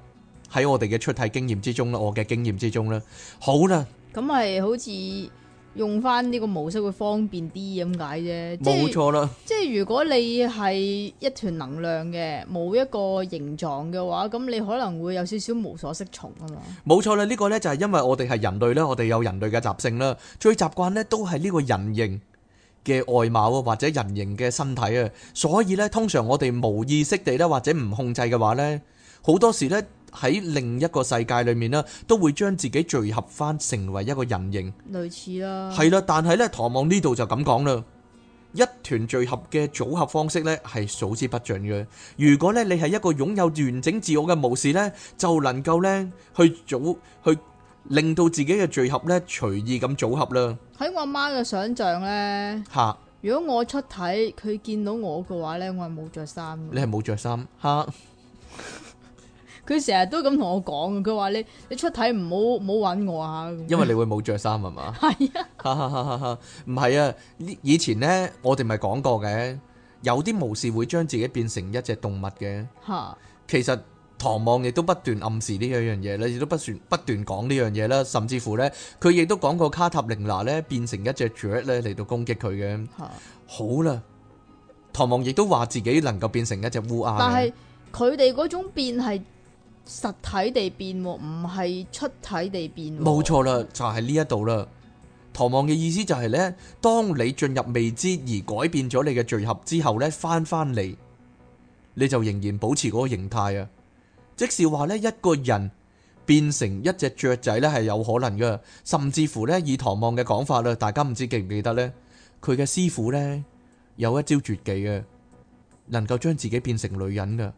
喺我哋嘅出體經驗之中啦，我嘅經驗之中啦，好啦，咁咪好似。用翻呢個模式會方便啲咁解啫，冇錯啦。即係如果你係一團能量嘅，冇一個形狀嘅話，咁你可能會有少少無所適從啊嘛。冇錯啦，呢個呢就係因為我哋係人類啦，我哋有人類嘅習性啦，最習慣呢都係呢個人形嘅外貌啊，或者人形嘅身體啊，所以呢通常我哋無意識地呢或者唔控制嘅話呢，好多時呢。喺另一個世界裏面啦，都會將自己聚合翻成為一個人形，類似啦。係啦，但係咧，唐望呢度就咁講啦。一團聚合嘅組合方式咧，係數之不盡嘅。如果咧你係一個擁有完整自我嘅模式咧，就能夠咧去組去令到自己嘅聚合咧隨意咁組合啦。喺我媽嘅想象咧吓，如果我出體佢見到我嘅話咧，我係冇着衫。你係冇着衫吓。佢成日都咁同我講，佢話，你你出體唔好唔好揾我啊，因為你會冇着衫係嘛？係 啊是吧！唔 係啊！以前呢，我哋咪講過嘅，有啲巫師會將自己變成一隻動物嘅。嚇！ 其實唐望亦都不斷暗示呢一樣嘢，你亦都不算不斷講呢樣嘢啦。甚至乎呢，佢亦都講過卡塔玲娜咧變成一隻雀咧嚟到攻擊佢嘅。 好啦，唐望亦都話自己能夠變成一隻烏鴉。但係佢哋嗰種變係。實體地變，唔係出體地變。冇錯啦，就係呢一度啦。唐望嘅意思就係呢，當你進入未知而改變咗你嘅聚合之後呢，翻翻嚟，你就仍然保持嗰個形態啊。即是話呢，一個人變成一隻雀仔呢係有可能嘅，甚至乎呢，以唐望嘅講法啦，大家唔知記唔記得呢？佢嘅師父呢，有一招絕技嘅，能夠將自己變成女人嘅。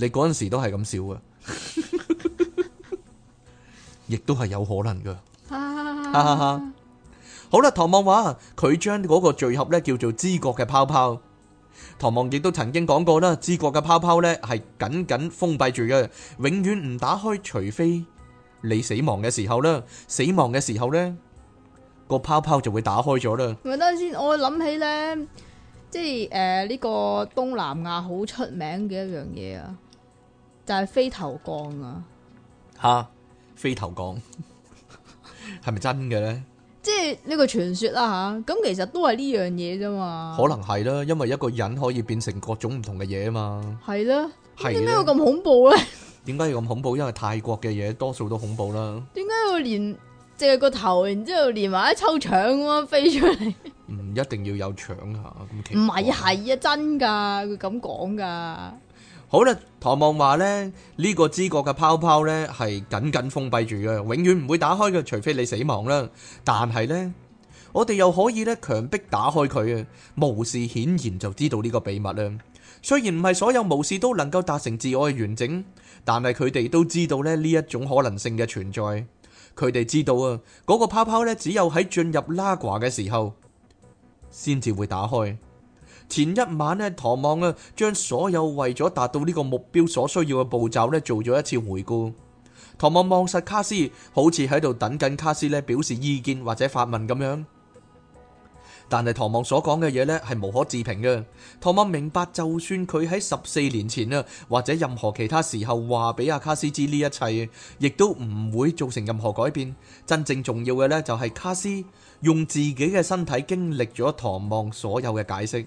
你嗰陣時都係咁笑嘅，亦都係有可能噶。哈哈哈，好啦，唐望話佢將嗰個聚合咧叫做知覺嘅泡泡。唐望亦都曾經講過啦，知覺嘅泡泡咧係緊緊封閉住嘅，永遠唔打開，除非你死亡嘅時候啦。死亡嘅時候咧，個泡泡就會打開咗啦。咪，啱先我諗起咧，即係誒呢個東南亞好出名嘅一樣嘢啊！就係、是、飛頭降啊！吓，飛頭降係咪真嘅咧？ 即係呢個傳說啦、啊、吓，咁其實都係呢樣嘢啫嘛。可能係啦，因為一個人可以變成各種唔同嘅嘢啊嘛。係啦、啊，點解會咁恐怖咧？點解、啊、 要咁恐怖？因為泰國嘅嘢多數都恐怖啦。點 解要連淨係個頭，然之後連埋一抽腸咁樣飛出嚟？唔 一定要有腸吓，唔係啊，係啊，真噶，佢咁講噶。好啦，唐望話呢，呢、呢個知覺嘅泡泡呢係緊緊封閉住嘅，永遠唔會打開嘅，除非你死亡啦。但係呢，我哋又可以呢強迫打開佢啊！巫師顯然就知道呢個秘密啦。雖然唔係所有巫師都能夠達成自我嘅完整，但係佢哋都知道呢一種可能性嘅存在。佢哋知道啊，嗰個泡泡呢，只有喺進入拉掛嘅時候先至會打開。前一晚咧，唐望啊，將所有為咗達到呢個目標所需要嘅步驟咧，做咗一次回顧。唐望望實卡斯，好似喺度等緊卡斯咧表示意見或者發問咁樣。但係唐望所講嘅嘢咧係無可置評嘅。唐望明白，就算佢喺十四年前啊，或者任何其他時候話俾阿卡斯知呢一切，亦都唔會造成任何改變。真正重要嘅咧就係卡斯用自己嘅身體經歷咗唐望所有嘅解釋。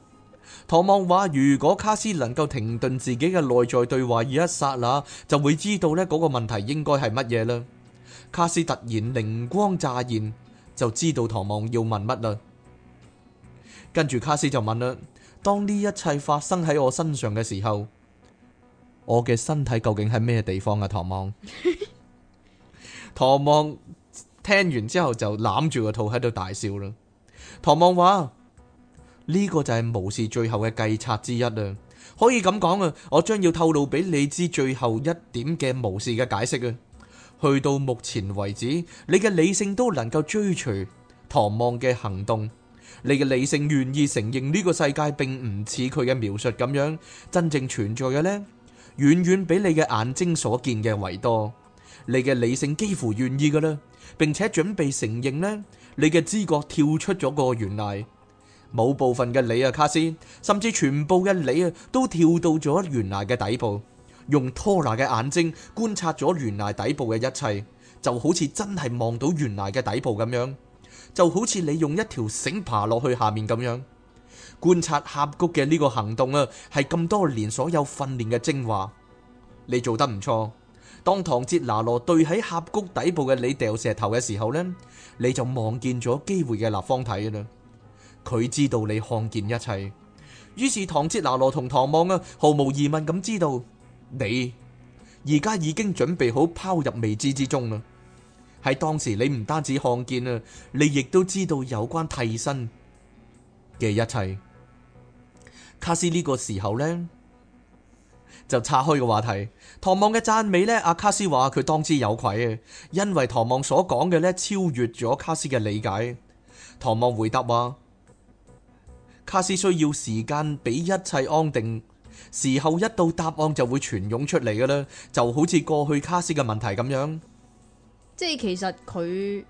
唐望話：如果卡斯能夠停頓自己嘅內在對話，而一刹那就會知道呢嗰個問題應該係乜嘢啦。卡斯突然靈光乍現，就知道唐望要問乜啦。跟住卡斯就問啦：當呢一切發生喺我身上嘅時候，我嘅身體究竟喺咩地方啊？唐望， 唐望聽完之後就攬住個肚喺度大笑啦。唐望話。呢、這個就係巫士最後嘅計策之一啦，可以咁講啊，我將要透露俾你知最後一點嘅巫士嘅解釋啊。去到目前為止，你嘅理性都能夠追隨唐望嘅行動，你嘅理性願意承認呢個世界並唔似佢嘅描述咁樣真正存在嘅呢，遠遠比你嘅眼睛所見嘅為多。你嘅理性幾乎願意噶啦，並且準備承認呢，你嘅知覺跳出咗個原嚟。某部分嘅你啊，卡斯，甚至全部嘅你啊，都跳到咗懸崖嘅底部，用托拿嘅眼睛觀察咗懸崖底部嘅一切，就好似真係望到懸崖嘅底部咁樣，就好似你用一條繩爬落去下面咁樣。觀察峽谷嘅呢個行動啊，係咁多年所有訓練嘅精華。你做得唔錯。當唐哲拿羅對喺峽谷底部嘅你掉石頭嘅時候咧，你就望見咗機會嘅立方體啦。佢知道你看見一切，於是唐哲拿羅同唐望啊，毫無疑問咁知道你而家已經準備好拋入未知之中啦。喺當時你唔單止看見啊，你亦都知道有關替身嘅一切。卡斯呢個時候呢，就岔開個話題，唐望嘅讚美呢，阿卡斯話佢當之有愧啊，因為唐望所講嘅呢，超越咗卡斯嘅理解。唐望回答話。卡斯需要時間俾一切安定，時候一到，答案就會傳湧出嚟噶啦，就好似過去卡斯嘅問題咁樣。即係其實佢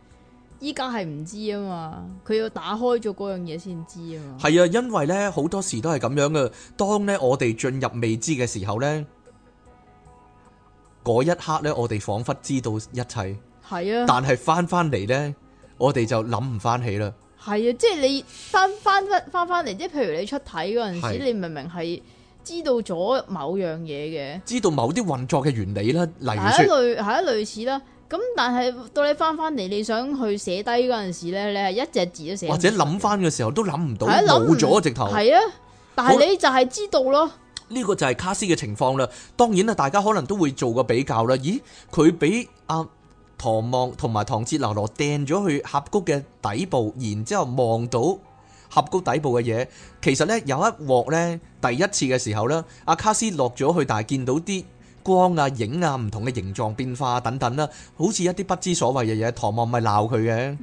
依家係唔知啊嘛，佢要打開咗嗰樣嘢先知啊嘛。係啊，因為咧好多時都係咁樣噶。當咧我哋進入未知嘅時候咧，嗰一刻咧我哋仿佛知道一切，係啊。但係翻翻嚟咧，我哋就諗唔翻起啦。係啊，即係你翻翻翻翻翻嚟，即係譬如你出體嗰陣時，你明明係知道咗某樣嘢嘅，知道某啲運作嘅原理啦，例如係一類，係一類似啦。咁但係到你翻翻嚟，你想去寫低嗰陣時咧，你係一隻字都寫或者諗翻嘅時候都諗唔到冇咗直頭。係啊，但係你就係知道咯。呢個就係卡斯嘅情況啦。當然啦，大家可能都會做個比較啦。咦，佢比阿？啊唐望同埋唐哲娜羅掟咗去峽谷嘅底部，然之後望到峽谷底部嘅嘢。其實呢，有一鑊呢，第一次嘅時候呢，阿卡斯落咗去，但係見到啲光啊、影啊、唔同嘅形狀變化等等啦，好似一啲不知所謂嘅嘢。唐望咪鬧佢嘅，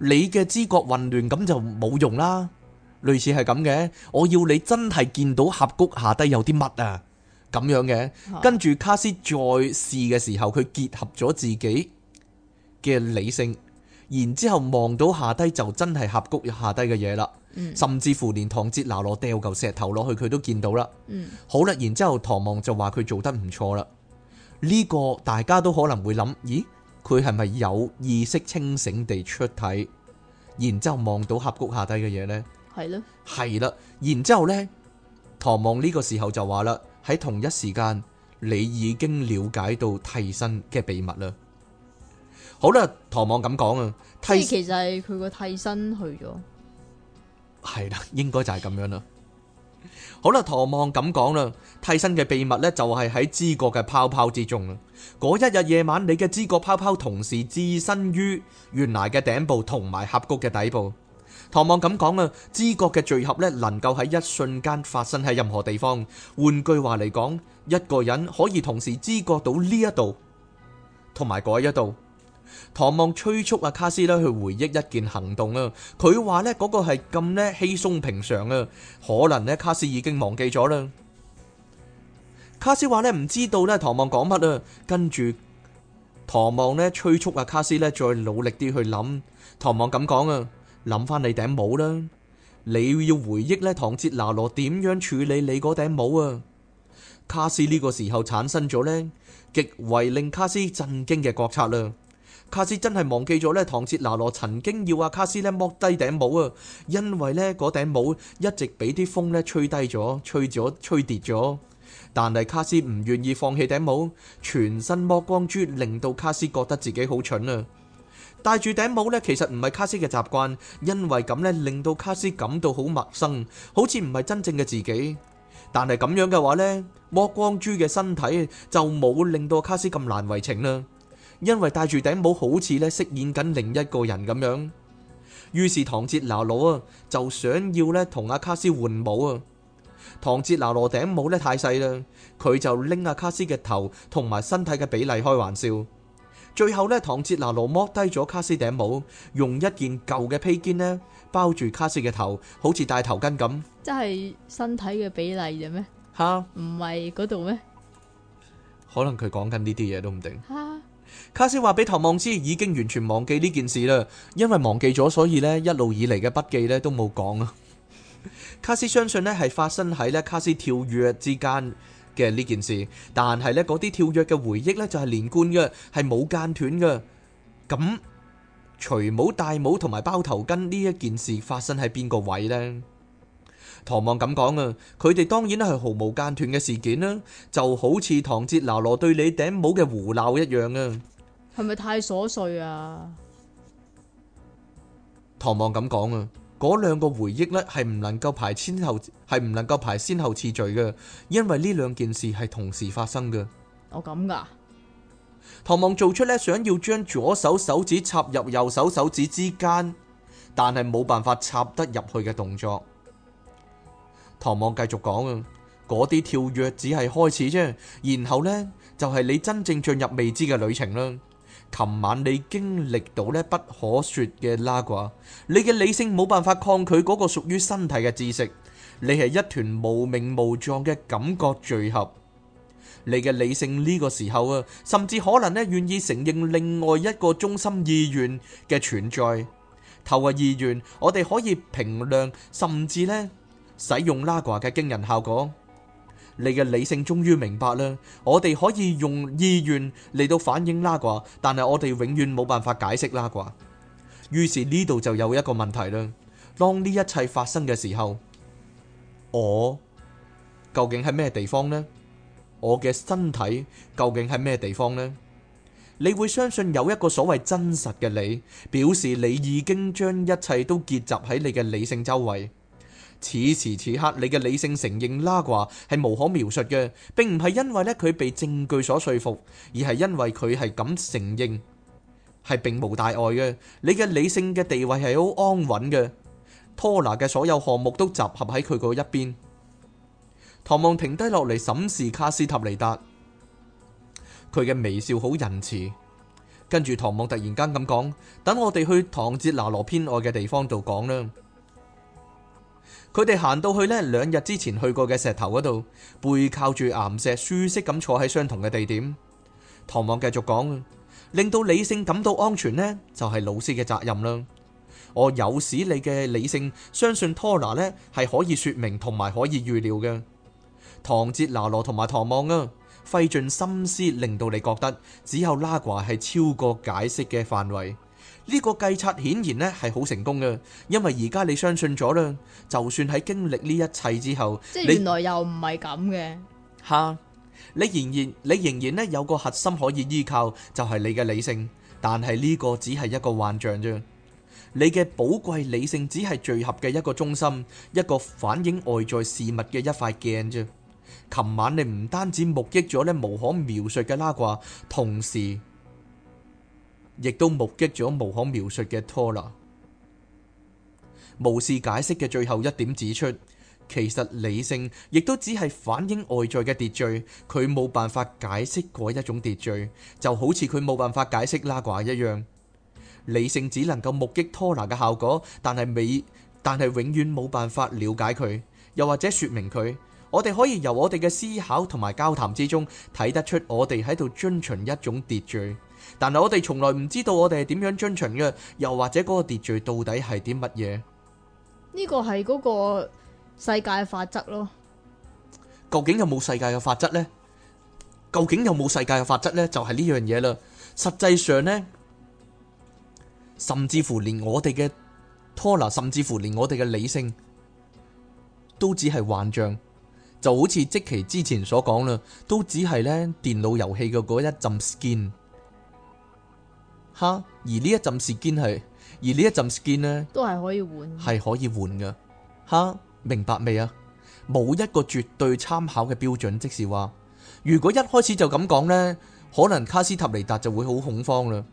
你嘅知覺混亂咁就冇用啦。類似係咁嘅，我要你真係見到峽谷下底有啲乜啊咁樣嘅。跟住卡斯再試嘅時候，佢結合咗自己嘅理性，然之後望到下低就真係峽谷下低嘅嘢啦，甚至乎連唐哲拿攞掉嚿石頭落去，佢都見到啦、嗯。好啦，然之後唐望就話佢做得唔錯啦。呢、這個大家都可能會諗，咦，佢係咪有意識清醒地出體，然之後望到峽谷下低嘅嘢呢？係咯，係啦，然之後呢，唐望呢個時候就話啦，喺同一時間你已經了解到替身嘅秘密啦。好啦，唐望咁講啊，替其實係佢個替身去咗，係啦，應該就係咁樣啦。好啦，唐望咁講啦，替身嘅秘密呢，就係喺知覺嘅泡泡之中啦。嗰一日夜晚，你嘅知覺泡泡同時置身於懸崖嘅頂部同埋峽谷嘅底部。唐望咁講啊，知覺嘅聚合呢，能夠喺一瞬間發生喺任何地方。換句話嚟講，一個人可以同時知覺到呢一度同埋嗰一度。唐望催促阿卡斯呢去回憶一件行動啦。佢話呢嗰個係咁呢，稀鬆平常啦，可能呢，卡斯已經忘記咗啦。卡斯話呢，唔知道呢。唐望講乜啊？跟住唐望呢，催促阿卡斯呢，再努力啲去諗。唐望咁講啊，諗翻你頂帽啦，你要回憶呢唐哲拿羅點樣處理你嗰頂帽啊？卡斯呢個時候產生咗呢極為令卡斯震驚嘅覺察啦。卡斯真係忘記咗呢，唐哲拿羅曾經要阿卡斯呢剝低頂帽啊，因為呢嗰頂帽一直俾啲風呢吹低咗、吹咗、吹跌咗。但係卡斯唔願意放棄頂帽，全身剝光珠，令到卡斯覺得自己好蠢啊。戴住頂帽呢，其實唔係卡斯嘅習慣，因為咁呢令到卡斯感到好陌生，好似唔係真正嘅自己。但係咁樣嘅話呢，剝光珠嘅身體就冇令到卡斯咁難為情啦。因為戴住頂帽好似咧飾演緊另一個人咁樣，於是唐哲拿羅啊就想要咧同阿卡斯換帽啊。唐哲拿羅頂帽咧太細啦，佢就拎阿卡斯嘅頭同埋身體嘅比例開玩笑。最後咧，唐哲拿羅剝低咗卡斯頂帽，用一件舊嘅披肩咧包住卡斯嘅頭，好似戴頭巾咁。即係身體嘅比例啫咩？吓，唔係嗰度咩？可能佢講緊呢啲嘢都唔定。吓。卡斯話俾唐望知，已經完全忘記呢件事啦，因為忘記咗，所以呢一路以嚟嘅筆記呢都冇講啊。卡斯相信呢係發生喺呢卡斯跳躍之間嘅呢件事，但係呢嗰啲跳躍嘅回憶呢就係連貫嘅，係冇間斷嘅。咁除帽戴帽同埋包頭巾呢一件事發生喺邊個位呢？唐望咁講啊，佢哋當然係毫無間斷嘅事件啦，就好似唐哲拿羅對你頂帽嘅胡鬧一樣啊！係咪太瑣碎啊？唐望咁講啊，嗰兩個回憶呢係唔能夠排先後，係唔能夠排先後次序嘅，因為呢兩件事係同時發生嘅。哦，咁噶。唐望做出呢，想要將左手手指插入右手手指之間，但係冇辦法插得入去嘅動作。唐望繼續講啊，嗰啲跳躍只係開始啫，然後呢，就係、是、你真正進入未知嘅旅程啦。琴晚你經歷到咧，不可說嘅拉掛，你嘅理性冇辦法抗拒嗰個屬於身體嘅知識，你係一團無名無狀嘅感覺聚合。你嘅理性呢個時候啊，甚至可能咧，願意承認另外一個中心意願嘅存在。透過意願，我哋可以評量，甚至咧，使用拉掛嘅驚人效果。你嘅理性終於明白啦，我哋可以用意願嚟到反映啦啩，但係我哋永遠冇辦法解釋啦啩。於是呢度就有一個問題啦，當呢一切發生嘅時候，我究竟喺咩地方呢？我嘅身體究竟喺咩地方呢？你會相信有一個所謂真實嘅你，表示你已經將一切都結集喺你嘅理性周圍。此時此刻，你嘅理性承認那瓜係無可描述嘅，並唔係因為呢佢被證據所說服，而係因為佢係咁承認，係並無大礙嘅。你嘅理性嘅地位係好安穩嘅。托拿嘅所有項目都集合喺佢個一邊。唐望停低落嚟審視卡斯塔尼達，佢嘅微笑好仁慈。跟住唐望突然間咁講：等我哋去唐哲拿羅偏愛嘅地方度講啦。佢哋行到去咧，兩日之前去過嘅石頭嗰度，背靠住岩石，舒適咁坐喺相同嘅地點。唐望繼續講，令到理性感到安全呢，就係老師嘅責任啦。我有使你嘅理性相信托拿呢係可以說明同埋可以預料嘅。唐哲拿羅同埋唐望啊，費盡心思令到你覺得只有拉掛係超過解釋嘅範圍。呢個計策顯然咧，係好成功嘅，因為而家你相信咗啦。就算喺經歷呢一切之後，即係原來又唔係咁嘅吓，你仍然你仍然咧有個核心可以依靠，就係你嘅理性。但係呢個只係一個幻象啫。你嘅寶貴理性只係聚合嘅一個中心，一個反映外在事物嘅一塊鏡啫。琴晚你唔單止目擊咗咧無可描述嘅拉掛，同時。亦都目擊咗無可描述嘅拖拉。無視解釋嘅最後一點指出，其實理性亦都只係反映外在嘅秩序，佢冇辦法解釋嗰一種秩序，就好似佢冇辦法解釋拉掛一樣。理性只能夠目擊拖拉嘅效果，但係未，但係永遠冇辦法了解佢，又或者說明佢。我哋可以由我哋嘅思考同埋交談之中，睇得出我哋喺度遵循一種秩序。但係我哋從來唔知道我哋係點樣遵循嘅，又或者嗰個秩序到底係啲乜嘢？呢個係嗰個世界嘅法則咯。究竟有冇世界嘅法則呢？究竟有冇世界嘅法則呢？就係呢樣嘢啦。實際上呢，甚至乎連我哋嘅拖拉，甚至乎連我哋嘅理性，都只係幻象。就好似積奇之前所講啦，都只係呢電腦遊戲嘅嗰一陣 skin。哈！而呢一陣時間係，而呢一陣時間呢，都係可以換，係可以換嘅。哈！明白未啊？冇一個絕對參考嘅標準，即是話，如果一開始就咁講呢，可能卡斯塔尼達就會好恐慌啦。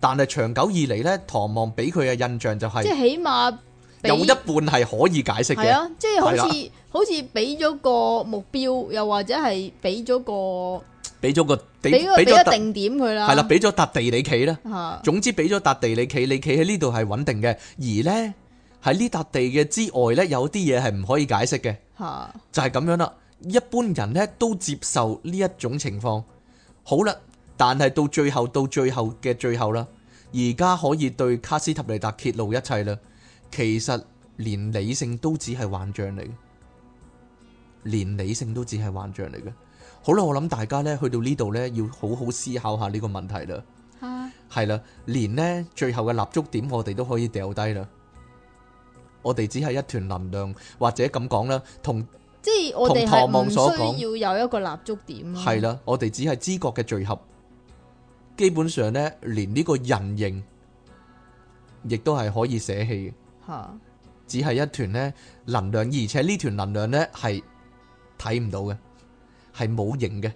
但係長久以嚟呢，唐望俾佢嘅印象就係、係，即係起碼有一半係可以解釋嘅。即係、啊就係、好似、啊、好似俾咗個目標，又或者係俾咗個。俾咗個俾俾咗定點佢啦，係啦，俾咗笪地你企啦。總之俾咗笪地你企，你企喺呢度係穩定嘅。而呢，喺呢笪地嘅之外呢，有啲嘢係唔可以解釋嘅。就係、是、咁樣啦。一般人呢，都接受呢一種情況。好啦，但係到最後到最後嘅最後啦，而家可以對卡斯塔尼達揭露一切啦。其實連理性都只係幻象嚟嘅，連理性都只係幻象嚟嘅。好啦，我諗大家咧去到這裡呢度咧，要好好思考下呢個問題啦。係啦，連呢最後嘅立足點，我哋都可以掉低啦。我哋只係一團能量，或者咁講啦，同唐望所講，即係我哋係唔需要有一個立足點。係啦，我哋只係知覺嘅聚合，基本上咧，連呢個人形亦都係可以捨棄嘅。吓，只係一團咧能量，而且呢團能量咧係睇唔到嘅。係冇形嘅，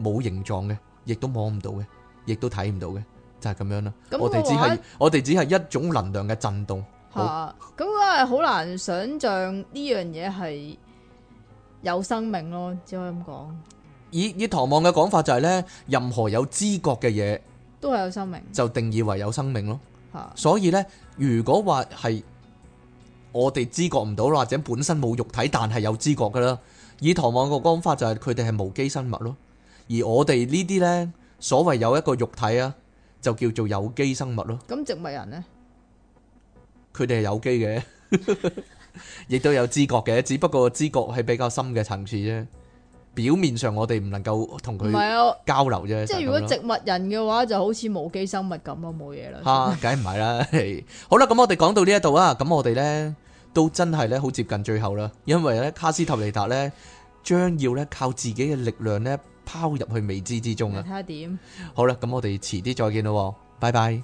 冇形狀嘅，亦都摸唔到嘅，亦都睇唔到嘅，就係咁樣啦。咁我哋只係我哋只係一種能量嘅震動。吓，咁都係好難想象呢樣嘢，係有生命咯，只可以咁講。以以唐望嘅講法就係呢，任何有知覺嘅嘢都係有生命，就定義為有生命咯。吓，所以呢，如果話係我哋知覺唔到或者本身冇肉體，但係有知覺噶啦。以唐望個講法就係佢哋係無機生物咯，而我哋呢啲呢，所謂有一個肉體啊，就叫做有機生物咯。咁植物人呢，佢哋係有機嘅，亦 都有知覺嘅，只不過知覺係比較深嘅層次啫。表面上我哋唔能夠同佢交流啫，啊。即係如果植物人嘅話，就好似無機生物咁咯，冇嘢啦。嚇 ，梗唔係啦？好啦，咁我哋講到呢一度啊，咁我哋呢。都真係咧好接近最後啦，因為咧卡斯特尼達咧將要咧靠自己嘅力量咧拋入去未知之中啊！睇下點？好啦，咁我哋遲啲再見啦喎，拜拜。